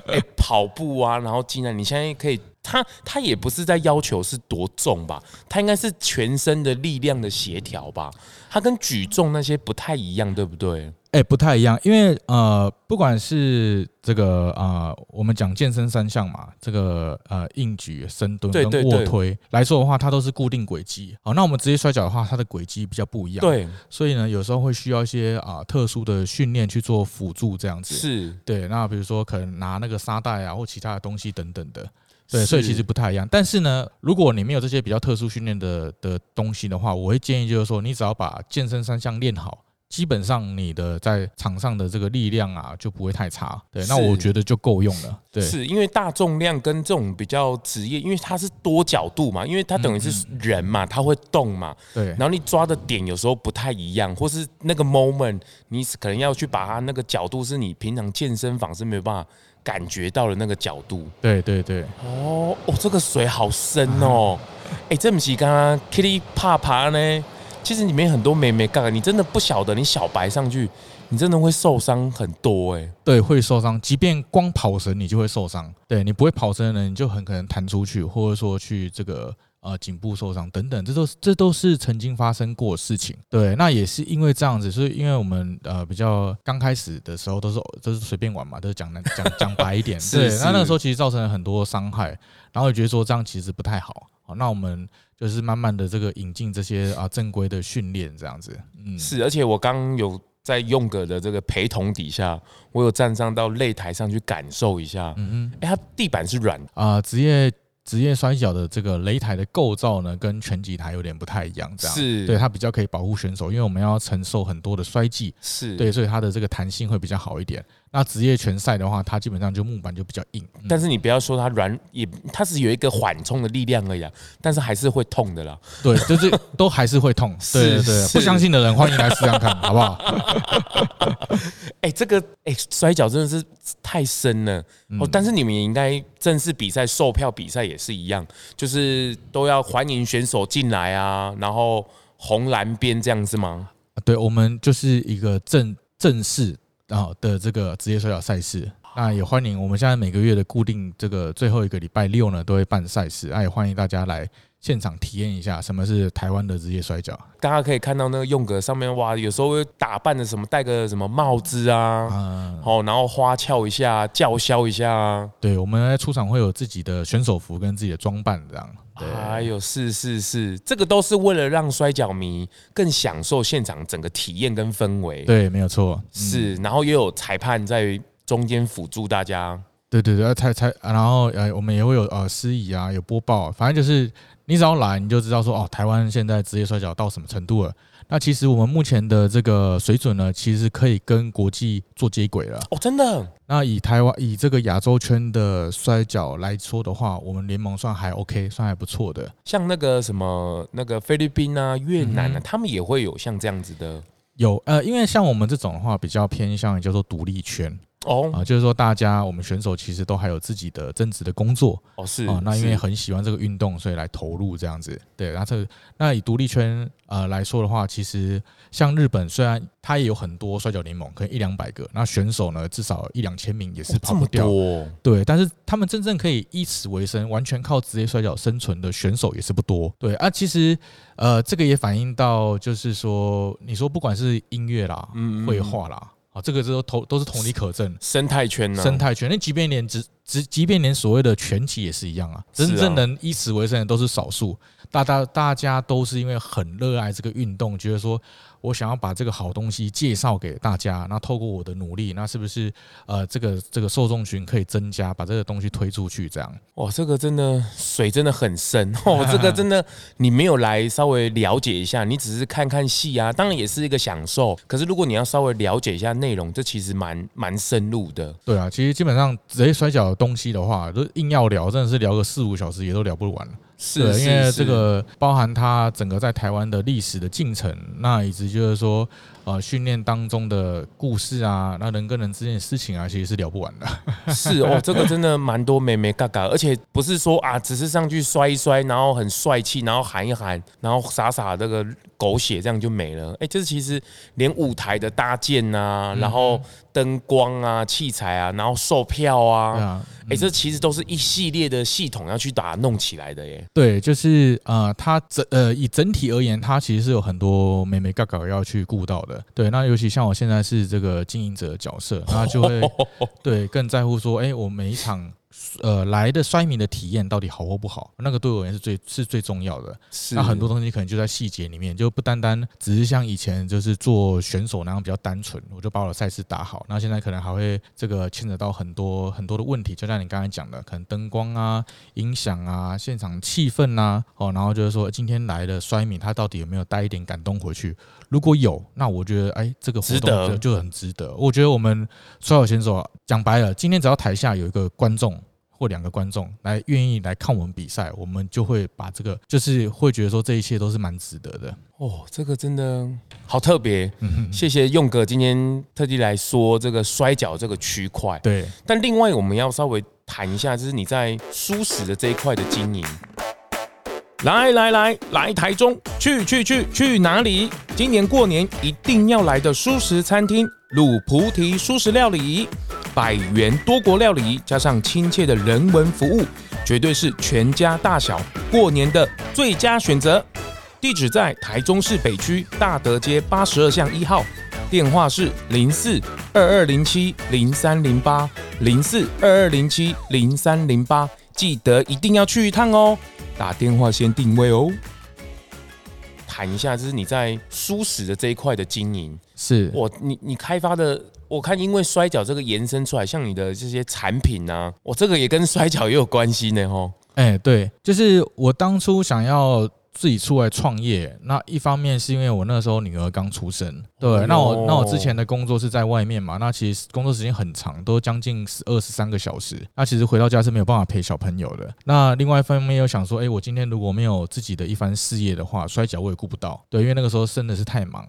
哎，跑步啊，然後既然你現在可以，他他也不是在要求是多重吧，他應該是全身的力量的協調吧。它跟舉重那些不太一樣，對不對？哎、欸，不太一樣，因為呃，不管是這個啊、呃，我們講健身三項嘛，這個呃，硬舉、深蹲跟臥推來說的話，它都是固定軌跡。好、哦，那我們直接摔角的話，它的軌跡比較不一樣。對，所以呢，有時候會需要一些啊、呃、特殊的訓練去做輔助，這樣子是對。那比如說，可能拿那個沙袋啊，或其他的東西等等的。對，所以其實不太一樣。但是呢，如果你沒有這些比較特殊訓練的的東西的話，我會建議就是說，你只要把健身三項練好。基本上你的在場上的這個力量啊，就不會太差，對，那我覺得就夠用了。對，是因為大重量跟這種比較職業，因為它是多角度嘛，因為它等於是人嘛，它、嗯嗯、會動嘛，對。然後你抓的點有時候不太一樣，或是那個 moment，你可能要去把它那個角度是你平常健身房是沒有辦法感覺到的那個角度。對對對。哦，哦，這個水好深哦。哎、啊欸，這不是剛剛 Kitty 拍爬呢其實裡面很多眉眉角角，你真的不曉得，你小白上去，你真的會受傷很多哎、欸。對，會受傷。即便光跑繩，你就會受傷。對，你不會跑繩的人，你就很可能彈出去，或者說去這個呃頸部受傷等等，這都是這都是曾經發生過的事情。對，那也是因為這樣子，所以因為我們呃比較剛開始的時候都是都是隨便玩嘛，都是講的講講白一點。對 是是那那個時候其實造成了很多傷害，然後也覺得說這樣其實不太好。好那我們。就是慢慢的這個引進這些啊正規的訓練這樣子，嗯，是，而且我剛有在壅哥的這個陪同底下，我有站上到擂台上去感受一下，嗯嗯，哎、欸，它地板是軟的啊，呃、職業職業摔角的這個擂台的構造呢，跟拳擊台有點不太一樣，這樣是，對，它比較可以保護選手，因為我們要承受很多的摔技，是對，所以它的這個彈性會比較好一點。那職業拳賽的話，它基本上就木板就比較硬。嗯，但是你不要說它軟，也它是有一個緩衝的力量而已。啊，但是還是會痛的啦。對，就是都還是會痛。 對對，對，不相信的人歡迎來試試看好不好？哎，這個哎，摔角真的是太深了哦。但是你們應該正式比賽，售票比賽也是一樣，就是都要歡迎選手進來啊，然後紅藍邊這樣子嗎？對，我們就是一個正正式。啊的這個職業摔角賽事，那也歡迎。我們現在每個月的固定這個最後一個禮拜六呢，都會辦賽事，那也歡迎大家來。現場體驗一下什麼是台灣的職業摔角。大家可以看到那個用格上面哇，有時候會打扮的什麼，戴個什麼帽子啊、嗯，哦，然後花俏一下，叫囂一下、啊。對，我們在出場會有自己的選手服跟自己的裝扮這樣。還有、哎、是是是，這個都是為了讓摔角迷更享受現場整個體驗跟氛圍。對，沒有錯、嗯，是。然後也有裁判在中間輔助大家。對對對，裁、啊、裁、啊，然後呃、啊，我們也會有呃司儀啊，有播報，反正就是。你只要來，你就知道說哦，台灣現在職業摔角到什麼程度了。那其實我們目前的這個水準呢，其實可以跟國際做接軌了。哦，真的？那以台灣，以這個亞洲圈的摔角來說的話，我們聯盟算還 OK，算還不錯的。像那個什麼那個菲律賓啊、越南啊、嗯，他們也會有像這樣子的。有呃，因為像我們這種的話，比較偏向於叫做獨立圈。哦，啊，就是說大家我們選手其實都還有自己的正職的工作，哦是啊，那因為很喜歡這個運動，所以來投入這樣子，對，然後這個那以獨立圈呃來說的話，其實像日本雖然它也有很多摔角聯盟，可能一兩百個，那選手呢至少一兩千名也是跑不掉，哦，這麼多哦，對，但是他們真正可以以此為生，完全靠職業摔角生存的選手也是不多，對，啊，其實呃這個也反映到就是說，你說不管是音樂啦，繪畫啦，嗯。啊、哦，這個是同都，都是同理可證，生態圈、生態圈。那即便連只只，即便連所謂的拳擊，也是一樣啊，啊真正能以此為生的都是少數，大家大家都是因為很熱愛這個運動，覺得說，我想要把這個好東西介紹給大家，那透過我的努力，那是不是呃這個這個受眾群可以增加，把這個東西推出去這樣？哇，這個真的水真的很深 哦，這個真的你沒有來稍微了解一下，你只是看看戲啊，當然也是一個享受。可是如果你要稍微了解一下內容，這其實蠻蠻深入的。對啊，其實基本上直接摔角的東西的話，都硬要聊，真的是聊個四五小時也都聊不完是，因為這個包含它整個在台灣的歷史的進程，那一直就是說。呃，訓練當中的故事啊，那人跟人之間的事情啊，其實是聊不完的是。是哦，這個真的蠻多眉眉角角， 而且不是說啊，只是上去摔一摔，然後很帥氣，然後喊一喊，然後灑灑這個狗血，這樣就沒了。哎、欸，這、就是、其實連舞台的搭建啊，嗯、然後燈光啊、器材啊，然後售票啊，哎、嗯嗯欸，這其實都是一系列的系統要去打弄起來的耶。對，就是呃，它整呃以整體而言，它其實是有很多眉眉角角要去顧到的。對，那尤其像我現在是這個經營者的角色，那就會對更在乎說，哎、欸，我每一場呃來的摔迷的體驗到底好或不好，那個對我而言是最是最重要的是。那很多東西可能就在細節裡面，就不單單只是像以前就是做選手那樣比較單純，我就把我的賽事打好。那現在可能還會這個牽扯到很多很多的問題，就像你剛才講的，可能燈光啊、音響啊、現場氣氛啊，哦，然後就是說今天來的摔迷，他到底有沒有帶一點感動回去？如果有，那我覺得，哎、欸，這個值得，就很值得。我覺得我們摔角選手，講白了，今天只要台下有一個觀眾或兩個觀眾來願意來看我們比賽，我們就會把這個，就是會覺得說這一切都是蠻值得的。哦，這個真的好特別，嗯哼，謝謝壅哥今天特地來說這個摔角這個區塊。對，但另外我們要稍微談一下，就是你在蔬食的這一塊的經營。來來來來，來台中去去去去哪裡？今年過年一定要來的蔬食餐廳——滷菩提蔬食料理，百元多國料理，加上親切的人文服務，絕對是全家大小過年的最佳選擇。地址在台中市北區大德街八十二巷一號，電話是零四二二零七零三零八零四二二零七零三零八，記得一定要去一趟哦。打電話先定位哦，談一下，就是你在蔬食的這一塊的經營是，我你你開發的，我看因為摔角這個延伸出來，像你的這些產品吶、啊，我這個也跟摔角也有關係呢？哎、欸、對，就是我當初想要，自己出來創業，那一方面是因為我那時候女兒剛出生，對，那我那我之前的工作是在外面嘛，那其實工作時間很長，都將近十二十三個小時，那其實回到家是沒有辦法陪小朋友的。那另外一方面又想說，哎、欸，我今天如果沒有自己的一番事業的話，摔角我也顧不到，對，因為那個時候真的是太忙。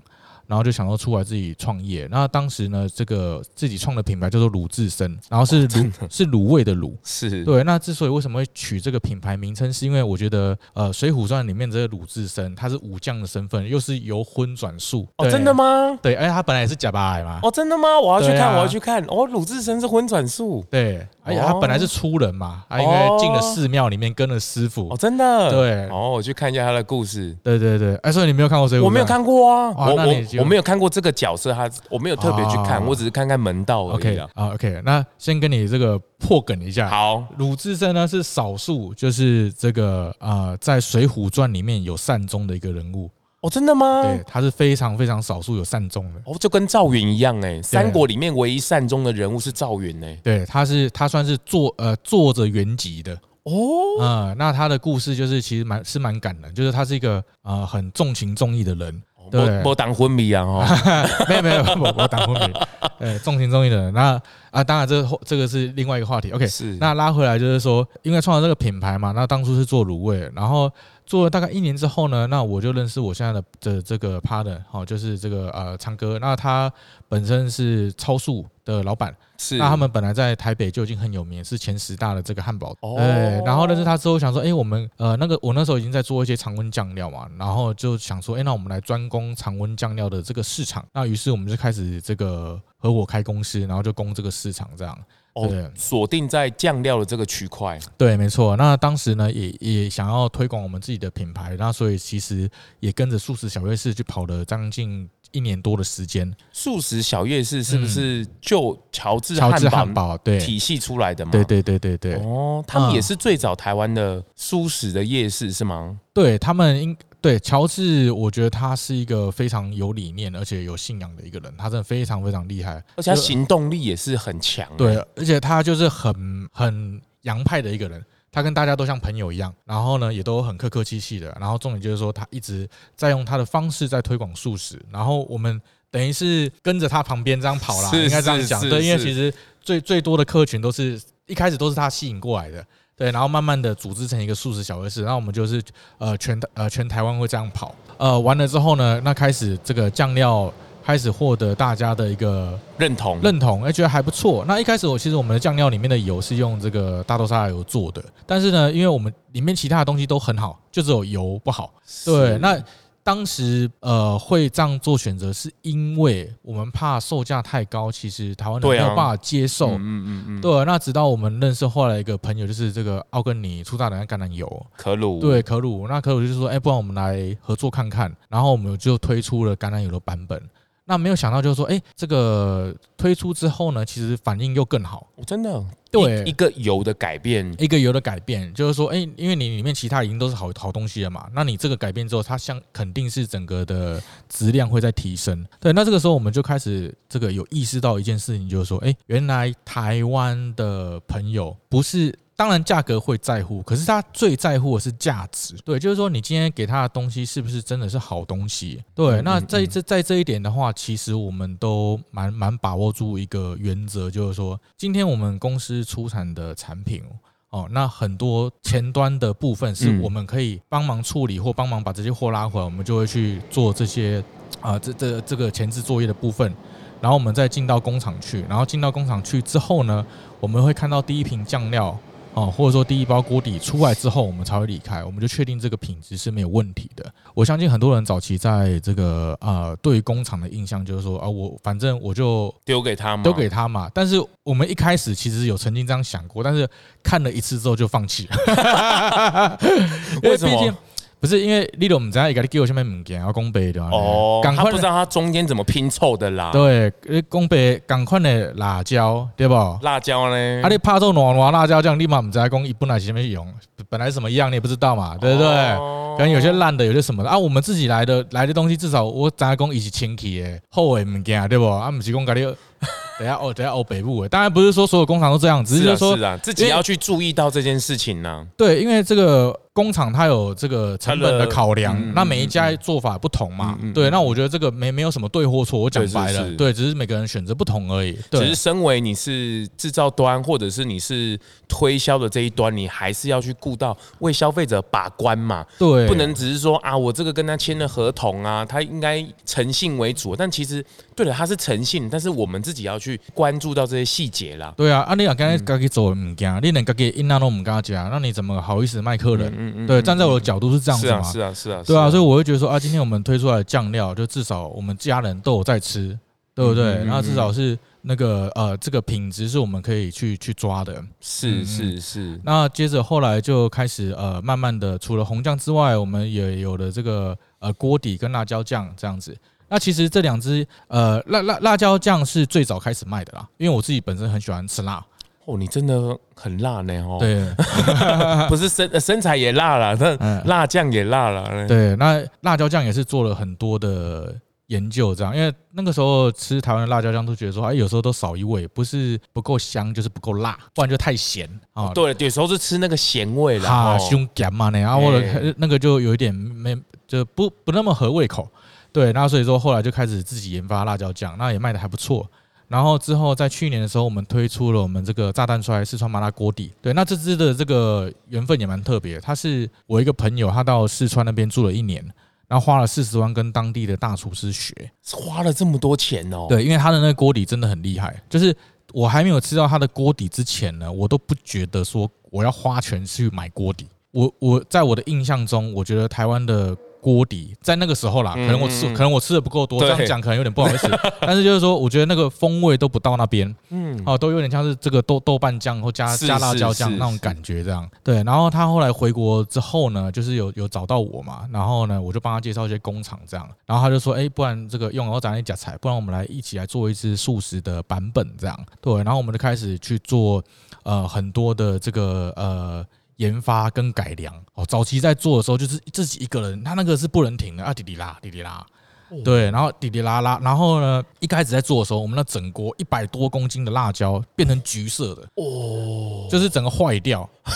然後就想到出來自己創業，那當時呢，這個自己創的品牌叫做魯智深，然後是魯，是滷味的滷，是，對。那之所以為什麼會取這個品牌名稱，是因為我覺得呃，《水滸傳》裡面這個魯智深他是武將的身份，又是由葷轉素。哦，真的嗎？對，而且他本來也是假八癌嘛。哦，真的嗎？我要去看，啊、我要去看。哦，魯智深是葷轉素。對。哎呀，他本來是粗人嘛、啊，他因為進了寺廟裡面，跟了師傅。哦，真的，對，哦，我去看一下他的故事。對對對，哎，所以你沒有看過《水滸傳》，我沒有看過啊，我我我沒有看過這個角色，他我沒有特別去看，我只是看看門道而已的。啊，OK，那先跟你這個破梗一下。好，魯智深呢是少數，就是這個啊、呃，在《水滸傳》裡面有善終的一個人物。哦、oh，真的嗎？對，他是非常非常少數有善終的。哦、oh，就跟趙雲一樣呢、欸，三國裡面唯一善終的人物是趙雲呢。對，他是他算是作呃作者原籍的哦、oh. 呃。那他的故事就是其實蠻是蠻感人的，就是他是一個呃，很重情重義的人。我、oh, 當昏迷啊！哦， 沒有沒有，我我當昏迷。呃， 重情重義的人，那啊當然這這個是另外一個話題。OK，是那拉回來就是說，因為創造這個品牌嘛，那當初是做滷味，然後。做了大概一年之後呢，那我就認識我現在的這這個 partner，好，就是這個呃昌哥，那他本身是超速的老闆。是，那他們本來在台北就已經很有名，是前十大的這個漢堡。哎、哦，然後但是他之後想說，哎、欸，我們呃那個我那時候已經在做一些常溫醬料嘛，然後就想說，哎、欸，那我們來專攻常溫醬料的這個市場。那於是我們就開始這個合夥開公司，然後就攻這個市場這樣。哦，鎖定在醬料的這個區塊。對，沒錯。那當時呢，也也想要推廣我們自己的品牌，那所以其實也跟着素食小夜市去跑了將近。一年多的時間、嗯，素食小夜市是不是就喬治喬治漢堡對體系出來的嘛？嗯、對，對，對對對對對。哦，他們也是最早台灣的素食的夜市是嗎？嗯、對他們應對喬治，我覺得他是一個非常有理念而且有信仰的一個人，他真的非常非常厲害，而且他行動力也是很強、欸。對，而且他就是很很洋派的一個人。他跟大家都像朋友一樣，然後呢，也都很客客氣氣的，然後重點就是說他一直在用他的方式在推廣素食，然後我們等於是跟着他旁邊這樣跑啦，應該這樣講，對，因為其實最最多的客群都是一開始都是他吸引過來的，對，然後慢慢的組織成一個素食小合式，然後我們就是呃全呃全台灣會這樣跑，呃完了之後呢，那開始這個醬料。開始獲得大家的一個認同，認同，而、欸、覺得還不錯。那一開始我其實我們的醬料裡面的油是用這個大豆沙拉油做的，但是呢，因為我們裡面其他的東西都很好，就只有油不好。對，那當時呃會這樣做選擇，是因為我們怕售價太高，其實臺灣人沒有辦法接受。啊、嗯，嗯嗯嗯，對。那直到我們認識後來一個朋友，就是這個奧根尼出大量的橄欖油，可魯，對，可魯。那可魯就是說：“哎、欸，不然我們來合作看看。”然後我們就推出了橄欖油的版本。那沒有想到，就是說，哎、欸，這個推出之後呢，其實反應又更好，真的。對、欸，一個油的改變，一個油的改變，就是說，哎、欸，因為你裡面其他已經都是好好東西了嘛，那你這個改變之後，它像肯定是整個的質量會再提升。對，那這個時候我們就開始這個有意識到一件事情，就是說，哎、欸，原來台灣的朋友不是。當然價格會在乎，可是他最在乎的是價值。對，就是說你今天給他的東西是不是真的是好東西？對，那在這在這一點的話，其實我們都蠻蠻把握住一個原則，就是說今天我們公司出產的產品哦，哦，那很多前端的部分是我們可以幫忙處理或幫忙把這些貨拉回來，我們就會去做這些啊這這這個前置作業的部分，然後我們再進到工廠去，然後進到工廠去之後呢，我們會看到第一瓶醬料。哦，或者說第一包鍋底出來之後，我們才會離開，我們就確定這個品質是沒有問題的。我相信很多人早期在這個呃對工廠的印象就是說啊，我反正我就丟給他嘛，丟給他嘛。但是我們一開始其實有曾經這樣想過，但是看了一次之後就放棄了，為什麼？不是因為你都唔知啊，伊家己叫啥物物件啊，講白的哦，他不知道他中間怎麼拼湊的啦。對，講白，同款的辣椒，對不？辣椒呢？啊，你怕做軟滑辣椒醬，你嘛唔知講伊本來是啥物用，本來是什麼樣你也不知道嘛，對不對，對？可、哦、能有些爛的，有些什麼的啊？我們自己來的來的東西，至少我知影講伊是清氣的、好的物件，對不？啊，唔是講家己。等下哦，等下哦，北部的。當然不是說所有工廠都這樣，只是，是說是、啊是啊、自己要去注意到這件事情呢、啊。對，因為這個。工廠它有這個成本的考量，嗯嗯嗯嗯嗯，那每一家做法不同嘛、嗯，嗯嗯嗯嗯嗯嗯、對，那我覺得這個沒沒有什麼對或錯，我講白了，對，只是每個人選擇不同而已。對，只是身為你是製造端或者是你是推銷的這一端，你還是要去顧到為消費者把關嘛，對，不能只是說啊，我這個跟他簽了合同啊，他應該誠信為主，但其實對了，他是誠信，但是我們自己要去關注到這些細節啦。對啊，啊，你啊，剛剛剛去做物件，你人家因那都唔敢講，那你怎麼好意思賣客人、嗯？嗯嗯，對，站在我的角度是這樣子嘛、啊，是啊，是啊，是啊，對啊，所以我會覺得說啊，今天我們推出來的醬料，就至少我們家人都有在吃，對不對？嗯、那至少是那個呃，這個品質是我們可以去去抓的，是是是、嗯。那接着後來就開始呃，慢慢的，除了紅醬之外，我們也有了這個呃鍋底跟辣椒醬這樣子。那其實這兩支呃辣辣辣椒醬是最早開始賣的啦，因為我自己本身很喜歡吃辣。哦，你真的很辣呢，哦，對、啊， 不是身身材也辣了，那辣醬也辣了，對、啊，嗯啊啊、那辣椒醬也是做了很多的研究，這樣，因為那個時候吃台灣的辣椒醬都覺得說，哎，有時候都少一味，不是不夠香，就是不夠辣，不然就太鹹、哦、對啊，對、啊，啊啊、有時候是吃那個鹹味啦，啊，凶鹹嘛呢，然後或者、啊哦、那個就有一點沒，就不不那麼合胃口，對、啊，那所以說後來就開始自己研發辣椒醬，那也賣得還不錯。然後之後，在去年的時候，我們推出了我們這個炸彈摔四川麻辣鍋底。對，那這支的這個緣分也蠻特別，他是我一個朋友，他到四川那邊住了一年，然後花了四十萬跟當地的大廚師學，花了這麼多錢哦。對，因為他的那個鍋底真的很厲害，就是我還沒有吃到他的鍋底之前呢，我都不覺得說我要花錢去買鍋底。我我在我的印象中，我覺得台灣的。鍋底在那個時候啦，可能我吃，可能我吃的不夠多，嗯嗯，這樣講可能有點不好意思。但是就是說，我覺得那個風味都不到那邊，嗯、啊，哦，都有點像是這個豆豆瓣醬或加加辣椒醬那種感覺這樣。是是是是對，然後他後來回國之後呢，就是有有找到我嘛，然後呢，我就幫他介紹一些工廠這樣，然後他就說，哎、欸，不然這個用老找那家菜，不然我們來一起來做一只素食的版本這樣。對，然後我們就開始去做呃很多的這個呃。研發跟改良哦，早期在做的時候就是自己一個人，他那個是不能停的啊，滴滴啦，滴滴啦，對，然後滴滴啦啦。然後呢，一開始在做的時候，我們那整鍋一百多公斤的辣椒變成橘色的哦，就是整個壞掉、哦，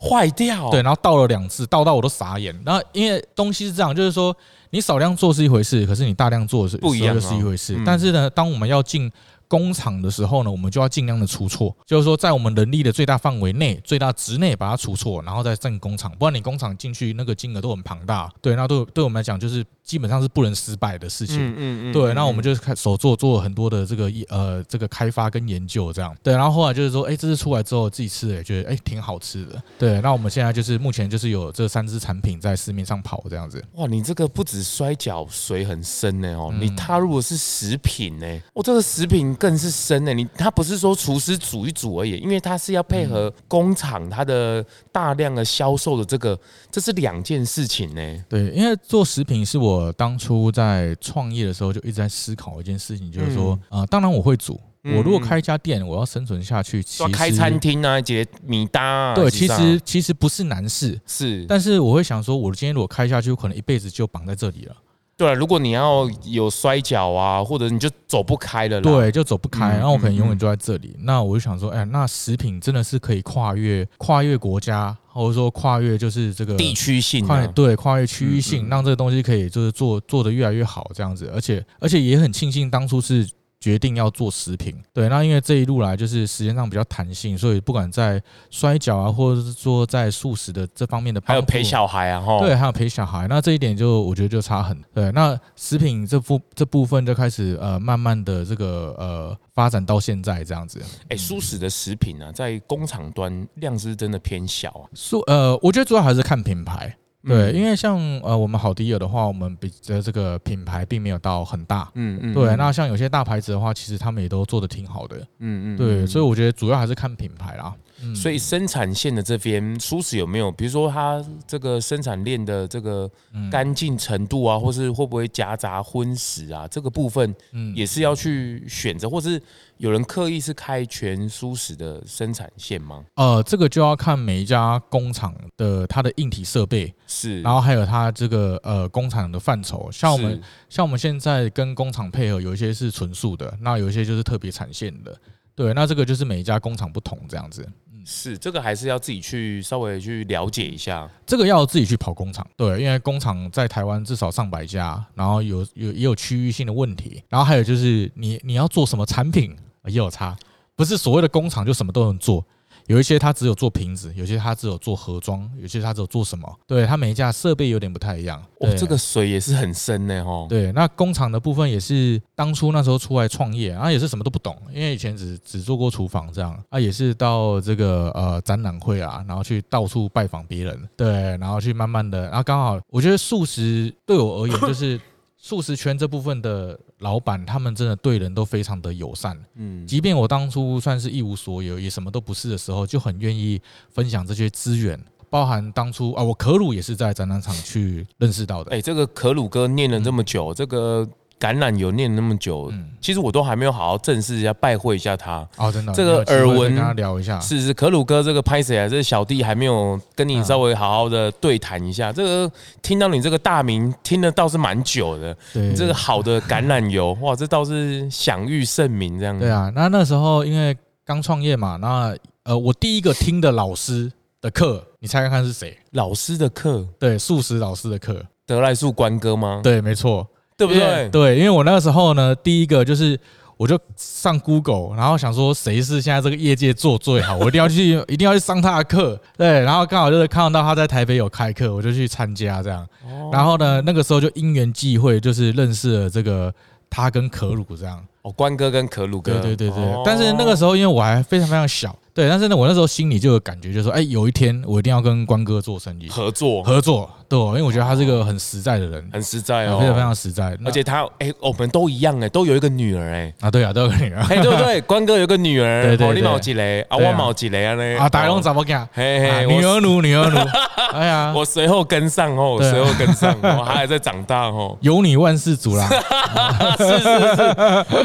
壞掉， 哦、對，然後倒了兩次，倒到我都傻眼，然後因為東西是這樣，就是說你少量做是一回事，可是你大量做是不一樣，是一回事，啊、但是呢，當我們要進。工廠的時候呢，我們就要盡量的出錯，就是說在我們能力的最大範圍內、最大值內把它出錯，然後再進工廠，不然你工廠進去那個金額都很龐大。對，那對對我們來講就是基本上是不能失敗的事情，嗯。嗯，嗯嗯對，那我們就所做做很多的這個一呃這個開發跟研究這樣。對，然後後來就是說，哎，這次出來之後自己吃，哎，覺得哎，欸，挺好吃的。對，那我們現在就是目前就是有這三隻產品在市面上跑這樣子。哇，你這個不止摔角水很深呢哦，你踏入的是食品呢，我這個食品，嗯。更是深呢、欸,你他不是說廚師煮一煮而已,因為他是要配合工廠他的大量的銷售的這個,這是兩件事情呢、欸嗯。對,因為做食品是我當初在創業的時候就一直在思考一件事情,就是說,啊,當然我會煮,我如果開一家店,我要生存下去,要開餐廳啊,杰米搭啊,對,其實其實不是難事,是,但是我會想說,我今天如果開下去,我可能一輩子就綁在這裡了。對、啊，如果你要有摔角啊，或者你就走不開了，對，就走不開、嗯，然後我可能永遠就在這裡、嗯嗯。那我就想說，哎，那食品真的是可以跨越，跨越國家，或者說跨越就是這個地區性，跨對，跨越區域性、嗯嗯，讓這個東西可以就是做做得越來越好這樣子，而且而且也很慶幸當初是。決定要做食品，對，那因為這一路來就是時間上比較彈性，所以不管在摔角啊，或者是說在素食的這方面的，還有陪小孩啊，對，還有陪小孩，那這一點就我覺得就差很。對，那食品這部這部分就開始呃，慢慢的這個呃發展到現在這樣子。哎、欸，素食的食品呢、啊，在工廠端量是，是真的偏小素、啊嗯、呃，我覺得主要還是看品牌。對，因為像呃，我們好迪友的話，我們比的這個品牌並沒有到很大，嗯嗯，對。那像有些大牌子的話，其實他們也都做得挺好的，嗯嗯，對。所以我覺得主要還是看品牌啦。嗯、所以生產線的這邊，素食有沒有？比如說它這個生產鏈的這個乾淨程度啊，或是會不會夾雜葷食啊，這個部分，也是要去選擇，或是。有人刻意是開全舒適的生產線嗎？呃，這個就要看每一家工廠的它的硬體設備是，然後還有它這個呃工廠的範疇。像我們像我們現在跟工廠配合，有一些是純素的，那有一些就是特別產線的。對，那這個就是每一家工廠不同這樣子。嗯，是這個還是要自己去稍微去了解一下，這個要自己去跑工廠。對，因為工廠在台灣至少上百家，然後有有，有也有區域性的問題，然後還有就是你你要做什麼產品。也有差，不是所謂的工廠就什麼都能做，有一些它只有做瓶子，有些它只有做盒裝，有些它只有做什麼，對，它每一架設備有點不太一樣。哦，這個水也是很深的。吼。對，那工廠的部分也是當初那時候出來創業，然後也是什麼都不懂，因為以前只只做過廚房這樣，啊，也是到這個呃展覽會啊，然後去到處拜訪別人，對，然後去慢慢的，然後剛好我覺得素食對我而言就是素食圈這部分的。老闆他們真的對人都非常的友善，嗯，即便我當初算是一無所有，也什麼都不是的時候，就很願意分享這些資源，包含當初啊，我可魯也是在展覽場去認識到的。哎，這個可魯哥念了這麼久，嗯，這個。橄欖油念了那麼久，其實我都還沒有好好正視一下，拜會一下他哦，真的這個耳聞聊一下，是是，可魯哥這個拍誰啊？這個小弟還沒有跟你稍微好好的對談一下，這個聽到你這個大名，聽得倒是蠻久的，你這個好的橄欖油哇，這倒是享譽盛名這樣。對啊，那那時候因為剛創業嘛，那呃，我第一個聽的老師的課，你猜猜看是誰？老師的課，對，素食老師的課，德萊素關哥嗎？對，沒錯。對不對、yeah？對，因為我那個時候呢，第一個就是我就上 Google，然後想說誰是現在這個業界做最好，我一定要去， 一定要去上他的課。對，然後剛好就是看到他在台北有開課，我就去參加這樣。然後呢，那個時候就因緣際會，就是認識了這個他跟可魯這樣。哦，關哥跟可魯哥。對對對對。哦、但是那個時候因為我還非常非常小，對，但是呢，我那時候心裡就有感覺就是，就說哎，有一天我一定要跟關哥做生意，合作合作。對，因為我覺得他是一個很實在的人，啊、很實在哦，非常非常實在。而且他，哎、欸哦，我們都一樣哎、欸，都有一個女兒哎、欸、啊，對啊，都有個女兒。哎、欸，對對，對， 關哥有個女兒，你毛幾嘞，啊我毛幾嘞啊嘞，啊大龍怎麼講？嘿嘿、啊啊啊啊啊啊啊，女兒奴、啊，女兒奴。 哎呀，我隨後跟上哦，隨後跟上哦，她、啊、還在長大 哦。有女，萬事足啦。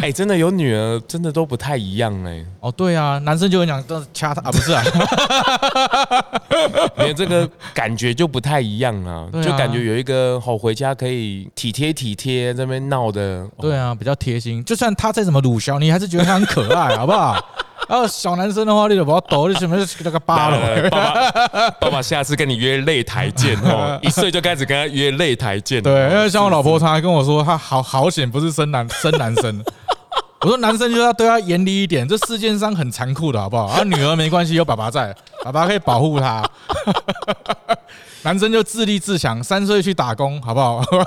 哎、欸，真的有女兒，真的都不太一樣哎、欸。哦，對啊，男生就會講，都是掐她啊，不是啊。你、 欸、這個感覺就不太一樣了、啊。對啊，就感覺有一個好回家可以體貼體貼在那邊鬧的，對啊，哦、比較貼心。就算他再怎麼盧小，你還是覺得他很可愛， 好不好？然、啊、後小男生的話，你就把他抖，你準備那個扒了。爸爸，爸爸，下次跟你約擂台見。 一歲就開始跟他約擂台見。 對，因為像我老婆，她跟我說，她好好險，不是生男生男生。 我說男生就要對他嚴厲一點，這世界上很殘酷的，好不好？啊，女兒沒關係，有爸爸在，爸爸可以保護她。男生就自立自強，三歲去打工，好不好？哦，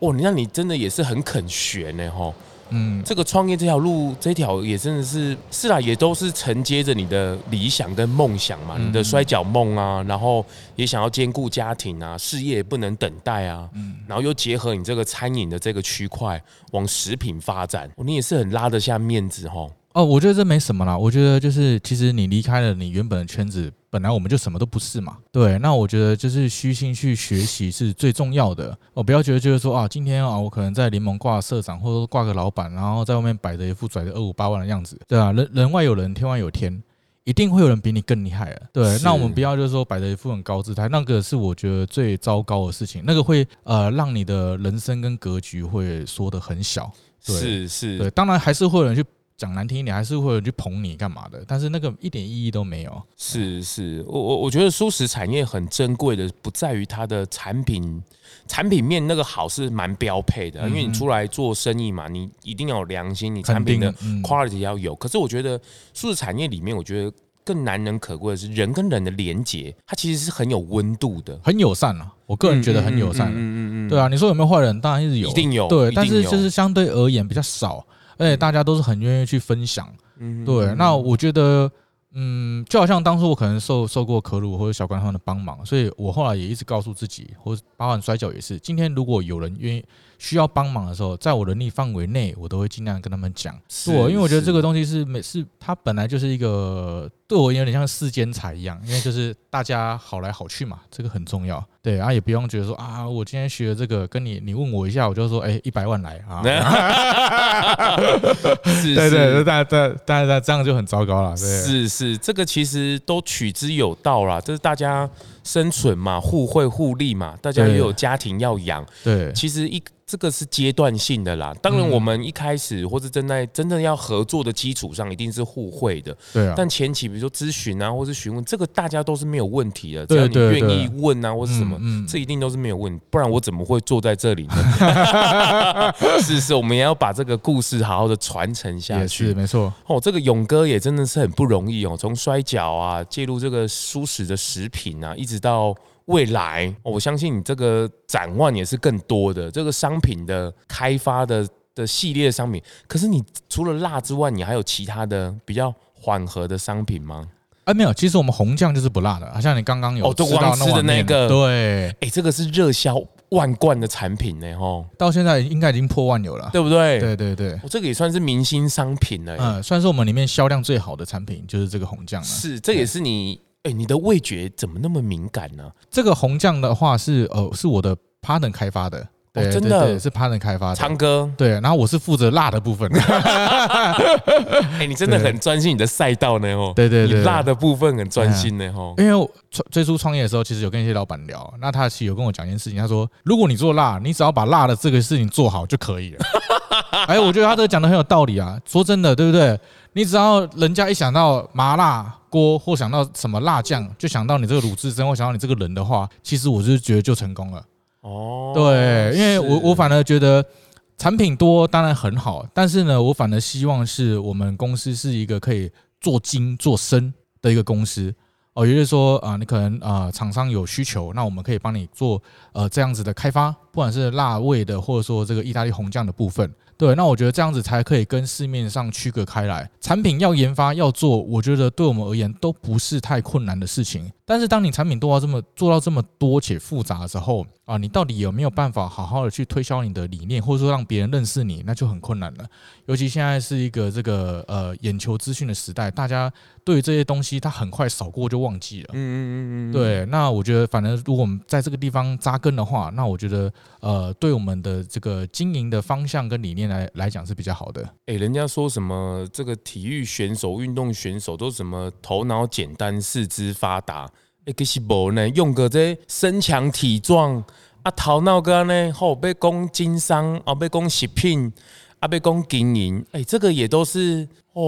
哇，你那你真的也是很肯學呢，哈。嗯，這個創業這條路，這條也真的是是啦、啊，也都是承接着你的理想跟夢想嘛、嗯，你的摔角夢啊，然後也想要兼顧家庭啊，事業不能等待啊，嗯，然後又結合你這個餐飲的這個區塊往食品發展、哦，你也是很拉得下面子哈、哦。哦，我覺得這沒什麼啦。我覺得就是，其實你離開了你原本的圈子，本來我們就什麼都不是嘛。對，那我覺得就是虛心去學習是最重要的。我不要覺得就是說啊，今天啊，我可能在聯盟掛社長或者掛個老闆，然後在外面擺着一副拽着二五八萬的樣子，對啊，人人外有人，天外有天，一定會有人比你更厲害的。對，那我們不要就是說擺着一副很高姿態，那個是我覺得最糟糕的事情，那個會呃讓你的人生跟格局會縮的很小對。是是，對，當然還是會有人去。講難聽一點，還是會有人去捧你幹嘛的，但是那個一點意義都沒有。是是，我我我覺得，蔬食產業很珍貴的，不在於它的產品產品面那個好是蠻標配的，啊，嗯、因為你出來做生意嘛，你一定要有良心，你產品的 quality 要有。嗯、可是我覺得蔬食產業裡面，我覺得更難能可貴的是人跟人的連結，它其實是很有溫度的，很友善啊。我個人覺得很友善。嗯嗯嗯。對啊，你說有沒有壞人？當然是有，一定有。對，但是就是相對而言比較少。哎，大家都是很願意去分享，嗯對，嗯對。那我覺得，嗯，就好像當初我可能受受過可魯或者小官方的幫忙，所以我後來也一直告訴自己，或者包含摔角也是。今天如果有人願意。需要幫忙的時候，在我能力範圍內，我都會盡量跟他們講。是，是，因為我覺得這個東西是每是，它本來就是一個對我有點像世間財一樣，因為就是大家好來好去嘛，這個很重要。對，啊，也不用覺得說啊，我今天學了這個，跟你你問我一下，我就說哎、欸，一百萬來啊。 是是笑對對，大家、大家、大家這樣就很糟糕了。是是，這個其實都取之有道啦，就是大家。生存嘛，互惠互利嘛，大家也有家庭要養。對，對，其實一這個是階段性的啦。當然，我們一開始、嗯、或是正在真正要合作的基礎上，一定是互惠的。對、啊、但前期比如說諮詢啊，或是詢問，這個大家都是沒有問題的。對對對。只要你願意問啊，對對對對或是什麼、嗯嗯，這一定都是沒有問題。不然我怎麼會坐在這裡呢？ 是是，我們也要把這個故事好好的傳承下去。也是沒錯。哦，這個勇哥也真的是很不容易哦，從摔角啊，介入這個蔬食的食品啊，一直。到未來、哦，我相信你這個展望也是更多的這個商品的開發的的系列商品。可是你除了辣之外，你還有其他的比較緩和的商品嗎？啊、欸，沒有，其實我們紅醬就是不辣的，好像你剛剛有吃到、哦、吃的那個，對，哎、欸，這個是熱銷萬貫的產品呢，哦，到現在應該已經破萬有了，對不對？對對對，對，我、哦、這個也算是明星商品了、欸，嗯，算是我們裡面銷量最好的產品，就是這個紅醬了。是，這也是你。哎，你的味覺怎麼那麼敏感呢、啊？這個紅醬的話是呃，是我的 partner 開發的，對、哦、真的對的是 partner 開發的。昌哥，對，然後我是負責辣的部分。哎， 你真的很專心你的賽道呢，哦，對對對，對對，你辣的部分很專心呢，哦、啊。因為最初創業的時候，其實有跟一些老闆聊，那他是有跟我講一件事情，他說：“如果你做辣，你只要把辣的這個事情做好就可以了。 ”哎，我覺得他這個講的很有道理啊。說真的，對不對？你只要人家一想到麻辣鍋或想到什麼辣醬，就想到你這個魯智深或想到你這個人的話，其實我就覺得就成功了。哦，對，因為我我反而覺得產品多當然很好，但是呢，我反而希望是我們公司是一個可以做精做深的一個公司。哦，也就是說啊，你可能啊廠商有需求，那我們可以幫你做呃這樣子的開發，不管是辣味的，或者說這個意大利紅醬的部分。對，那我覺得這樣子才可以跟市面上區隔開來。產品要研發要做，我覺得對我們而言都不是太困難的事情。但是當你產品做到這麼做到這麼多且複雜的時候啊，你到底有沒有辦法好好的去推銷你的理念，或者說讓別人認識你，那就很困難了。尤其現在是一個這個呃眼球資訊的時代，大家對這些東西它很快掃過就忘記了。嗯嗯嗯嗯。對，那我覺得反正如果我們在這個地方紮根的話，那我覺得呃對我們的這個經營的方向跟理念來來講是比較好的。欸，人家說什麼這個體育選手、運動選手都什麼頭腦簡單，四肢發達。誒、欸，佮是無呢？壅哥這身強體壯，啊頭腦佫安尼吼，要講經商，啊要講食品，啊要講經營，誒、欸，這個也都是哦、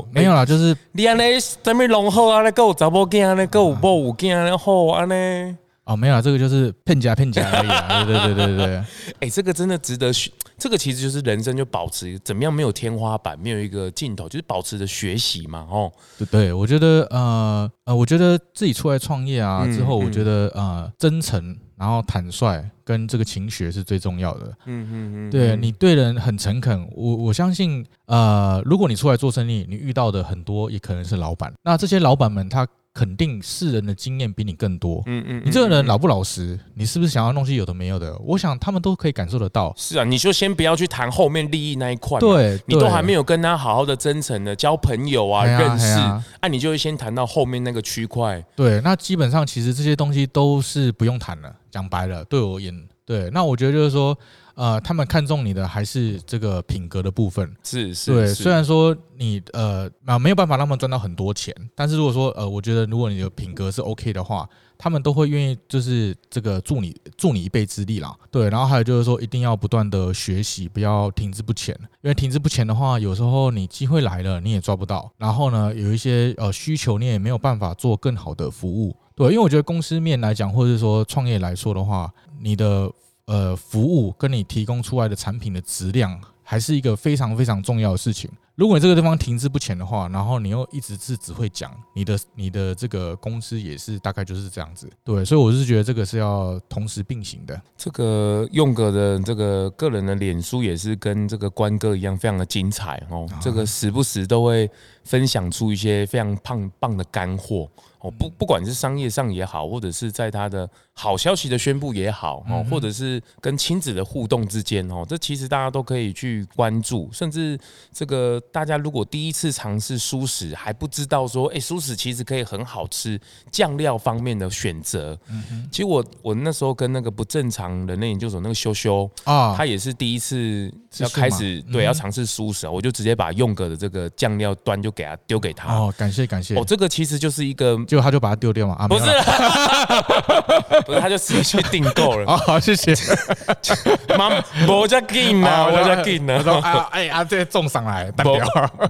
喔嗯欸，沒有啦，就是你安尼，啥物攏好啊，閣有查某囝安尼，閣有某有囝安尼，然後安尼。哦，沒有啊，這個就是騙加騙加而已啊，對對對對對。哎，這個真的值得學，這個其實就是人生就保持怎麼樣，沒有天花板，沒有一個盡頭，就是保持着學習嘛，哦，對對。我覺得呃呃，我覺得自己出來創業啊之後，我覺得呃真誠，然後坦率跟這個勤學是最重要的。嗯嗯嗯，對你對人很誠懇，我我相信呃，如果你出來做生意，你遇到的很多也可能是老闆，那這些老闆們他。肯定世人的經驗比你更多，嗯嗯，嗯，嗯嗯、你這個人老不老實？你是不是想要弄些有的沒有的？我想他們都可以感受得到。是啊，你就先不要去談後面利益那一塊。對，你都還沒有跟他好好的真誠的交朋友啊，啊認識，啊，啊你就會先談到後面那個區塊。對，那基本上其實這些東西都是不用談了，講白了，對我而言，對。那我覺得就是說。呃，他們看中你的還是這個品格的部分是，是是對。雖然說你呃，那沒有辦法讓他們賺到很多錢，但是如果說呃，我覺得如果你的品格是 OK 的話，他們都會願意就是這個助你助你一臂之力啦。對，然後還有就是說，一定要不斷的學習，不要停滯不前。因為停滯不前的話，有時候你機會來了你也抓不到，然後呢，有一些呃需求你也沒有辦法做更好的服務。對，因為我覺得公司面來講，或者是說創業來說的話，你的。呃，服務跟你提供出來的產品的質量還是一個非常非常重要的事情。如果你這個地方停滯不前的話，然後你又一直是只會講你的你的這個公司也是大概就是這樣子，對，所以我是覺得這個是要同時並行的。這個壅哥的這個個人的臉書也是跟這個關哥一樣非常的精彩哦，啊、這個時不時都會分享出一些非常棒棒的乾貨哦，不不管是商業上也好，或者是在他的。好消息的宣布也好，哦，或者是跟親子的互動之間，哦，這其實大家都可以去關注，甚至這個大家如果第一次嘗試蔬食還不知道說，哎，蔬食其實可以很好吃，醬料方面的選擇，嗯，其實我我那時候跟那個不正常人類研究所那個修修啊，他也是第一次要開始對，要嘗試蔬食，我就直接把用過的這個醬料端就給他丟給他，哦，感謝感謝，哦，這個其實就是一個，就他就把它丟掉嘛，不是。 不是，他就自己去訂購了 哦謝謝、啊。哦，好，謝謝。媽，媽叫金嘛，我叫金的。然後啊，哎啊，這種上來，代表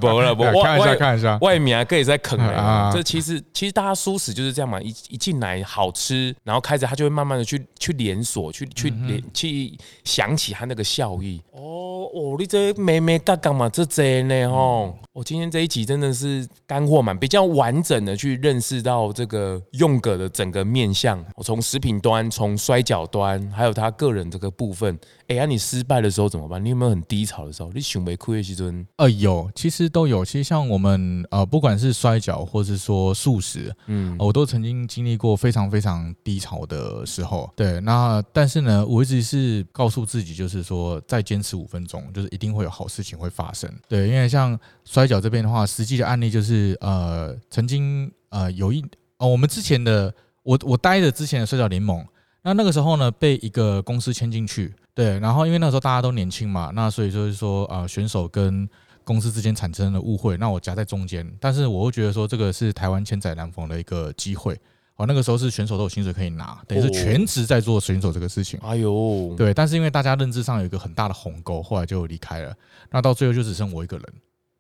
不了不。看一下看一下。外面、嗯、啊，哥也在啃嘞。這其實其實大家蔬食就是這樣嘛，一一進來好吃，然後開始他就會慢慢的去去連鎖，去去聯，去想起他那個效益。哦、嗯、哦，你這妹妹幹幹嘛？這真嘞吼！我、哦、今天這一集真的是乾貨嘛，比較完整的去認識到這個壅哥的整個面向。我從食。品端從摔角端，還有他個人這個部分，哎、欸、呀，啊、你失敗的時候怎麼辦？你有沒有很低潮的時候？你想不開的時候，哎、呃、呦，有，其實都有。其實像我們呃，不管是摔角，或是說素食，嗯、呃，我都曾經經歷過非常非常低潮的時候。對，那但是呢，我一直是告訴自己，就是說再堅持五分鐘，就是一定會有好事情會發生。對，因為像摔角這邊的話，實際的案例就是呃，曾經呃有一哦、呃，我們之前的。我我待着之前的摔角聯盟，那那個時候呢，被一個公司簽進去，對，然後因為那時候大家都年輕嘛，那所以就是說啊、呃、選手跟公司之間產生了誤會，那我夾在中間，但是我又覺得說這個是台灣千載難逢的一個機會，哦，那個時候是選手都有薪水可以拿，等於是全職在做選手這個事情，哦，哎呦，對，但是因為大家認知上有一個很大的鴻溝，後來就離開了，那到最後就只剩我一個人。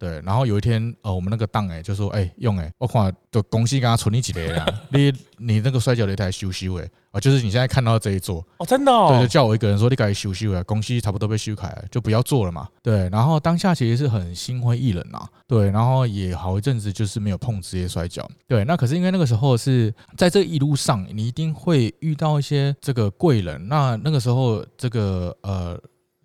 對，然後有一天，呃，我們那個檔哎，就說哎、欸，用哎，我看就公司剛剛存你幾筆啊， 你你那個摔角擂台修修哎，啊，就是你現在看到這一座哦，真的、哦，對，就叫我一個人說你該修修啊，公司差不多被修開就不要做了嘛。對，然後當下其實是很心灰意冷吶，對，然後也好一陣子就是沒有碰職業摔角。對，那可是因為那個時候是在這一路上，你一定會遇到一些這個貴人。那那個時候這個呃。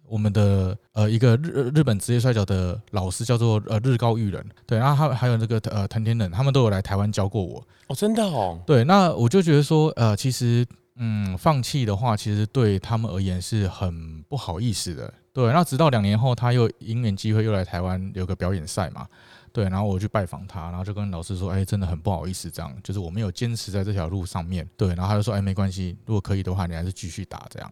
我們的呃一個日日本職業摔角的老師叫做呃日高裕人，對，然後他還有那、這個呃藤田忍，他們都有來台灣教過我。哦，真的哦。對，那我就覺得說，呃，其實嗯，放棄的話，其實對他們而言是很不好意思的。對，那直到兩年後，他又因緣機會又來台灣有個表演賽嘛，對，然後我去拜訪他，然後就跟老師說，哎、欸，真的很不好意思，這樣就是我沒有堅持在這條路上面。對，然後他就說，哎、欸，沒關係，如果可以的話，你還是繼續打這樣。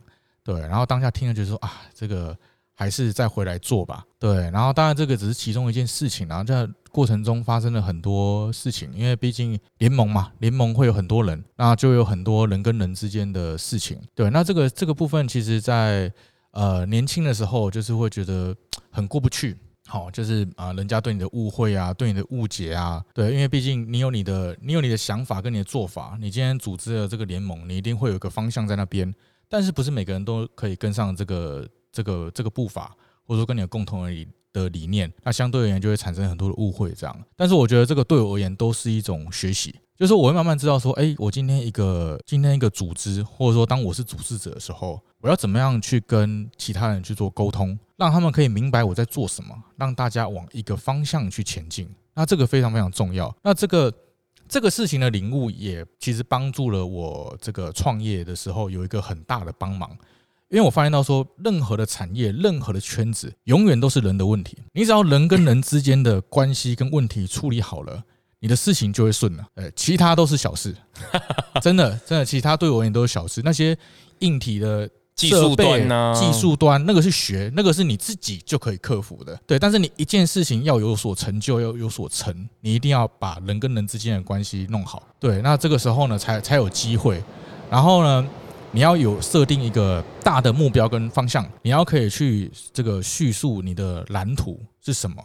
對，然後當下聽了就，就是說啊，這個還是再回來做吧。對，然後當然這個只是其中一件事情，啊，然後在過程中發生了很多事情，因為畢竟聯盟嘛，聯盟會有很多人，那就有很多人跟人之間的事情。對，那這個這個部分，其實在，在呃年輕的時候，就是會覺得很過不去。好、哦，就是啊、呃，人家對你的誤會啊，對你的誤解啊，對，因為畢竟你有你的，你有你的想法跟你的做法，你今天組織了這個聯盟，你一定會有一個方向在那邊。但是不是每個人都可以跟上這個這個這個步伐，或者說跟你有共同的理念，那相對而言就會產生很多的誤會。這樣，但是我覺得這個對我而言都是一種學習，就是我會慢慢知道說，哎，我今天一個今天一個組織，或者說當我是組織者的時候，我要怎麼樣去跟其他人去做溝通，讓他們可以明白我在做什麼，讓大家往一個方向去前進。那這個非常非常重要。那這個。這個事情的領悟也其實幫助了我這個創業的時候，有一個很大的幫忙，因為我發現到說任何的產業、任何的圈子，永遠都是人的問題。你只要人跟人之間的關係跟問題處理好了，你的事情就會順了。欸，其他都是小事，真的真的，其他對我也都是小事。那些硬體的，技術端啊，技術端那個是學，那個是你自己就可以克服的。對，但是你一件事情要有所成就，要有所成，你一定要把人跟人之間的關係弄好。對，那這個時候呢，才才有機會。然後呢，你要有設定一個大的目標跟方向，你要可以去這個敘述你的藍圖是什麼。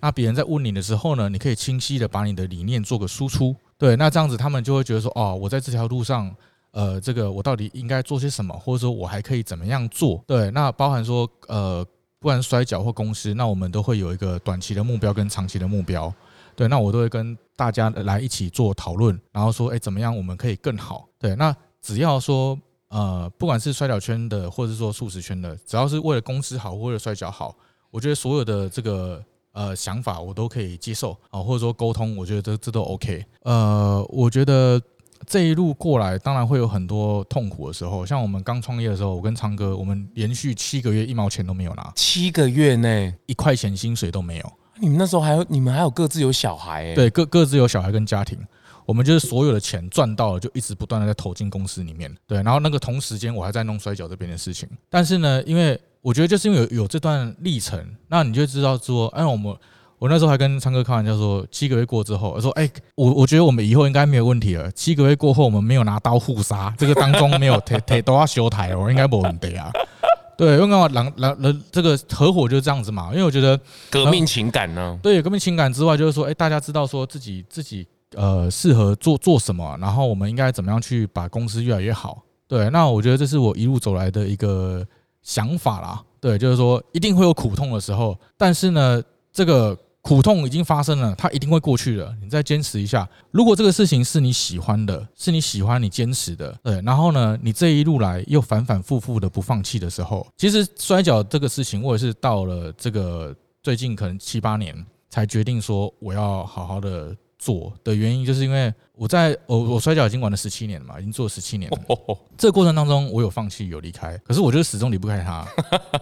那別人在問你的時候呢，你可以清晰的把你的理念做個輸出。對，那這樣子他們就會覺得說，哦，我在這條路上。呃，這個我到底應該做些什麼，或者說我還可以怎麼樣做？對，那包含說，呃，不管摔角或公司，那我們都會有一個短期的目標跟長期的目標。對，那我都會跟大家來一起做討論，然後說，哎、欸，怎麼樣我們可以更好？對，那只要說，呃，不管是摔角圈的，或者說素食圈的，只要是為了公司好或者摔角好，我覺得所有的這個呃想法我都可以接受啊、呃，或者說溝通，我覺得這，這都 OK。呃，我覺得。這一路過來，當然會有很多痛苦的時候。像我們剛創業的時候，我跟昌哥，我們連續七個月一毛錢都沒有拿，七個月內一塊錢薪水都沒有。你們那時候還有，你們還有各自有小孩誒、欸。對，各各自有小孩跟家庭，我們就是所有的錢賺到了，就一直不斷的在投進公司裡面。對，然後那個同時間，我還在弄摔角這邊的事情。但是呢，因為我覺得就是因為有有這段歷程，那你就知道說，哎，我們。我那時候還跟昌哥開玩笑說，七個月過之後，我說哎、欸，我我覺得我們以後應該沒有問題了。七個月過後，我們沒有拿刀互殺，這個當中沒有拿拿台台都要修台哦，我應該沒問題啊。對，因為狼狼講這個合夥就是這樣子嘛。因為我覺得革命情感呢、啊嗯，對革命情感之外，就是說，哎，大家知道說自己自己呃適合做做什麼，然後我們應該怎麼樣去把公司越來越好。對，那我覺得這是我一路走來的一個想法啦。對，就是說一定會有苦痛的時候，但是呢，這個。苦痛已經發生了，它一定會過去的，你再堅持一下。如果這個事情是你喜歡的，是你喜歡你堅持的，對。然後呢，你這一路來又反反復復的不放棄的時候，其實摔角這個事情，我也是到了這個最近可能七八年才決定說我要好好的。做的原因就是因為我在我我摔角已經玩了十七年了嘛，已經做了十七年了。這個過程當中，我有放棄，有離開，可是我就始終離不開他。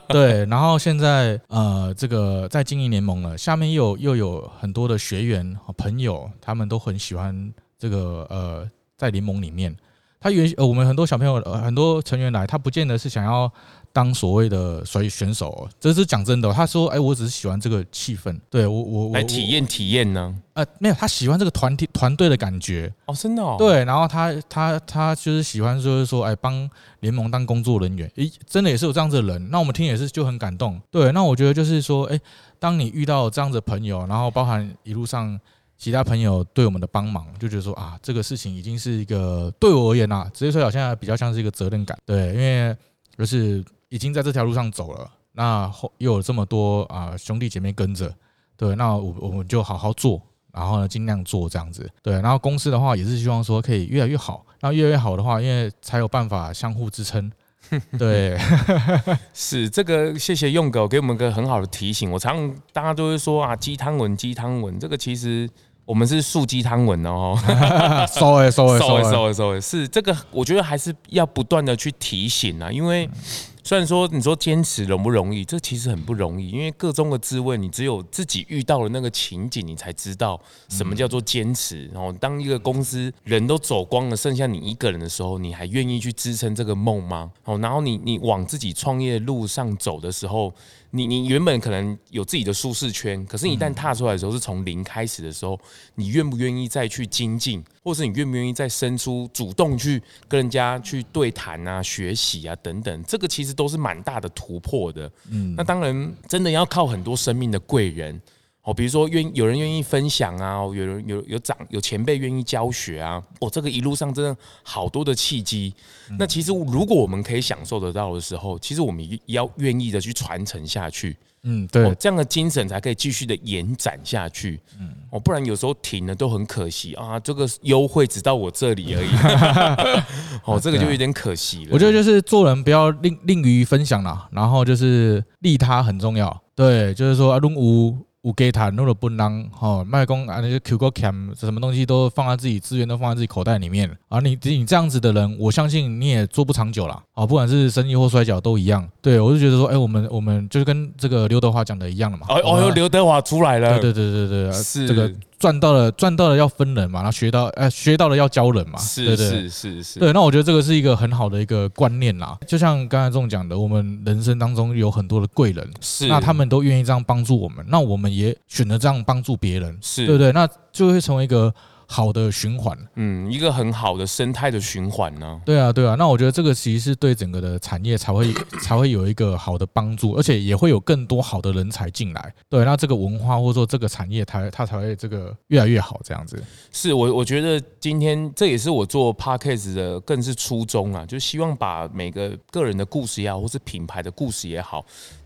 對，然後現在呃，這個在經營聯盟了，下面又有又有很多的學員朋友，他們都很喜歡這個呃，在聯盟裡面。他原我們很多小朋友，很多成員來，他不見得是想要。當所謂的所以選手、喔，這是講真的、喔。他說：“哎，我只是喜歡這個氣氛，對我我來體驗體驗呢。”呃，沒有，他喜歡這個團體團隊的感覺哦，真的。對，然後他，他他他就是喜歡，就是說，哎，幫聯盟當工作人員。咦，真的也是有這樣子的人。那我們聽也是就很感動。對，那我覺得就是說，哎，當你遇到這樣子的朋友，然後包含一路上其他朋友對我們的幫忙，就覺得說啊，這個事情已經是一個對我而言啊，直接說好像比較像是一個責任感。對，因為就是。已經在這條路上走了，那後又有這麼多啊、呃、兄弟姐妹跟着，對，那我我們就好好做，然後呢盡量做這樣子，對，然後公司的話也是希望說可以越來越好，那越來越好的話，因為才有辦法相互支撐， 對是，是這個，謝謝壅哥給我們一個很好的提醒，我常常大家都會說啊，雞湯文雞湯文，這個其實我們是素雞湯文哦，sorry sorry sorry sorry sorry，是這個我覺得還是要不斷的去提醒啊，因為。雖然說你說堅持容不容易，這其實很不容易，因為個中的滋味，你只有自己遇到了那個情景，你才知道什麼叫做堅持。然後，當一個公司人都走光了，剩下你一個人的時候，你還願意去支撐這個夢嗎？哦，然後你你往自己創業的路上走的時候，你你原本可能有自己的舒適圈，可是你一旦踏出來的時候，是從零開始的時候，你願不願意再去精進，或是你願不願意再伸出主動去跟人家去對談啊、學習啊等等，這個其實。都是蠻大的突破的，嗯，那當然真的要靠很多生命的貴人哦，比如說願有人願意分享啊，有人有有長有前輩願意教學啊，哦，這個一路上真的好多的契機，嗯。那其實如果我們可以享受得到的時候，其實我們也要願意的去傳承下去。嗯，對、哦，這樣的精神才可以繼續的延展下去。嗯，哦，不然有時候停了都很可惜啊。這個優惠只到我這裡而已， 哦，這個就有點可惜了。 我覺得就是做人不要吝吝於分享啦，然後就是利他很重要。對，就是說，如果五 G 他諾羅不能哈麥克啊，那些 Q Q Cam，什麼東西都放在自己資源，都放在自己口袋裡面。而你你這樣子的人，我相信你也做不長久了啊！不管是生意或摔角都一樣。對，我就覺得說，哎、欸，我們我們就是跟這個劉德華講的一樣了嘛哦。哦哦喲，劉德華出來了。對對對對對，是、啊。這個賺到了，賺到了要分人嘛，然後學到，呃、欸，學到了要教人嘛，是對對對是是是，是，對，那我覺得這個是一個很好的一個觀念啦。就像剛才這種講的，我們人生當中有很多的貴人，是，那他們都願意這樣幫助我們，那我們也選擇這樣幫助別人，是對不對，對？那就會成為一個。好的循環，嗯，一個很好的生態的循環呢。對啊，對啊，那我覺得這個其實是對整個的產業才會才會有一個好的幫助，而且也會有更多好的人才進來。對，那這個文化或者說這個產業它，它它才會這個越來越好，這樣子是。是我我覺得今天這也是我做 Podcast 的更是初衷啊，就是希望把每個個人的故事也好，或是品牌的故事也好。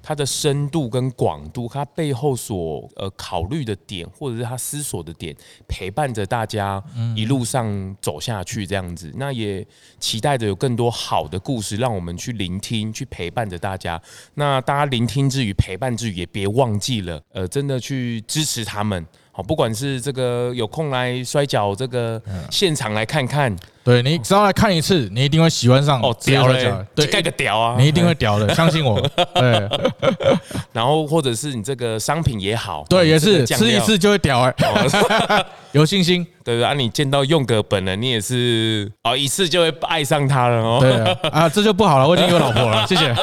它的深度跟廣度，它背後所呃考慮的點，或者是他思索的點，陪伴着大家一路上走下去這樣子。嗯、那也期待着有更多好的故事，讓我們去聆聽，去陪伴着大家。那大家聆聽之餘，陪伴之餘，也別忘記了，呃，真的去支持他們。好，不管是這個有空來摔角這個現場來看看。嗯對，你只要來看一次，你一定會喜歡上哦，屌的屌的，對，蓋個屌啊，你一定會屌的，相信我。對，然後或者是你這個商品也好，對，嗯、也是吃一次就會屌、欸哦、 有信心。對對啊，你見到壅哥本人，你也是哦，一次就會愛上他了哦。對啊，啊，這就不好了，我已經有老婆了， 謝謝。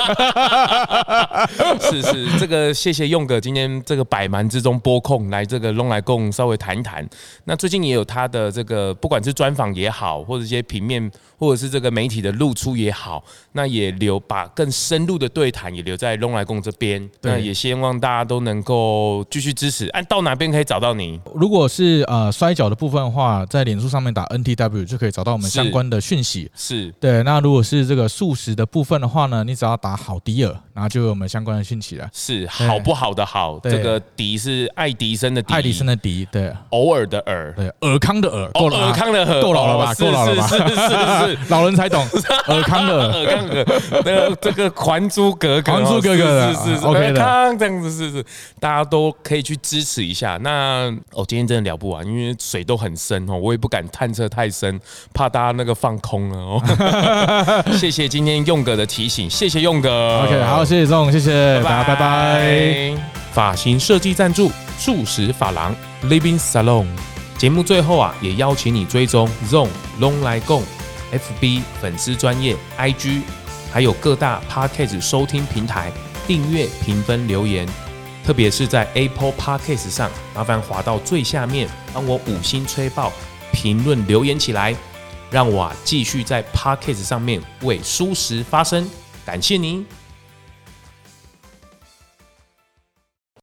是是，這個謝謝壅哥今天這個百忙之中撥空來這個嚨來共稍微談一談。那最近也有他的這個，不管是專訪也好，或者。是。些平面。或者是這個媒體的露出也好，那也留把更深入的對談也留在嚨來共這邊，對，那也希望大家都能夠繼續支持。按、啊、到哪邊可以找到你？如果是呃摔角的部分的話，在臉書上面打 NTW 就可以找到我們相關的訊息。是，是對。那如果是這個素食的部分的話呢，你只要打好迪爾，然後就有我們相關的訊息了。是好不好的好，對，這個迪是愛迪生的迪，愛迪生的迪。對，偶爾的爾，對，爾康的爾，爾康的爾夠老了吧？夠老了吧？是吧，是是， 是，是 老人才懂爾康的，爾康的，那個這個《還珠格格》，《還珠格格》是是，OK，這樣子是是，大家都可以去支持一下。那哦，今天真的聊不完，因為水都很深哦，我也不敢探測太深，怕大家那個放空了哦。謝謝今天用哥的提醒，謝謝用哥，OK，好，謝謝 zong，謝謝大家，拜拜。髮型設計贊助，素食髮廊，Liebling Salon。節目最後啊，也邀請你追蹤 zong 嚨來共。FB 粉絲專頁，IG 還有各大 Podcast 收聽平台訂閱、評分、留言，特別是在 Apple Podcast 上，麻煩滑到最下面，幫我五星吹爆，評論留言起來，讓我啊、繼續在 Podcast 上面為蔬食發聲，感謝您。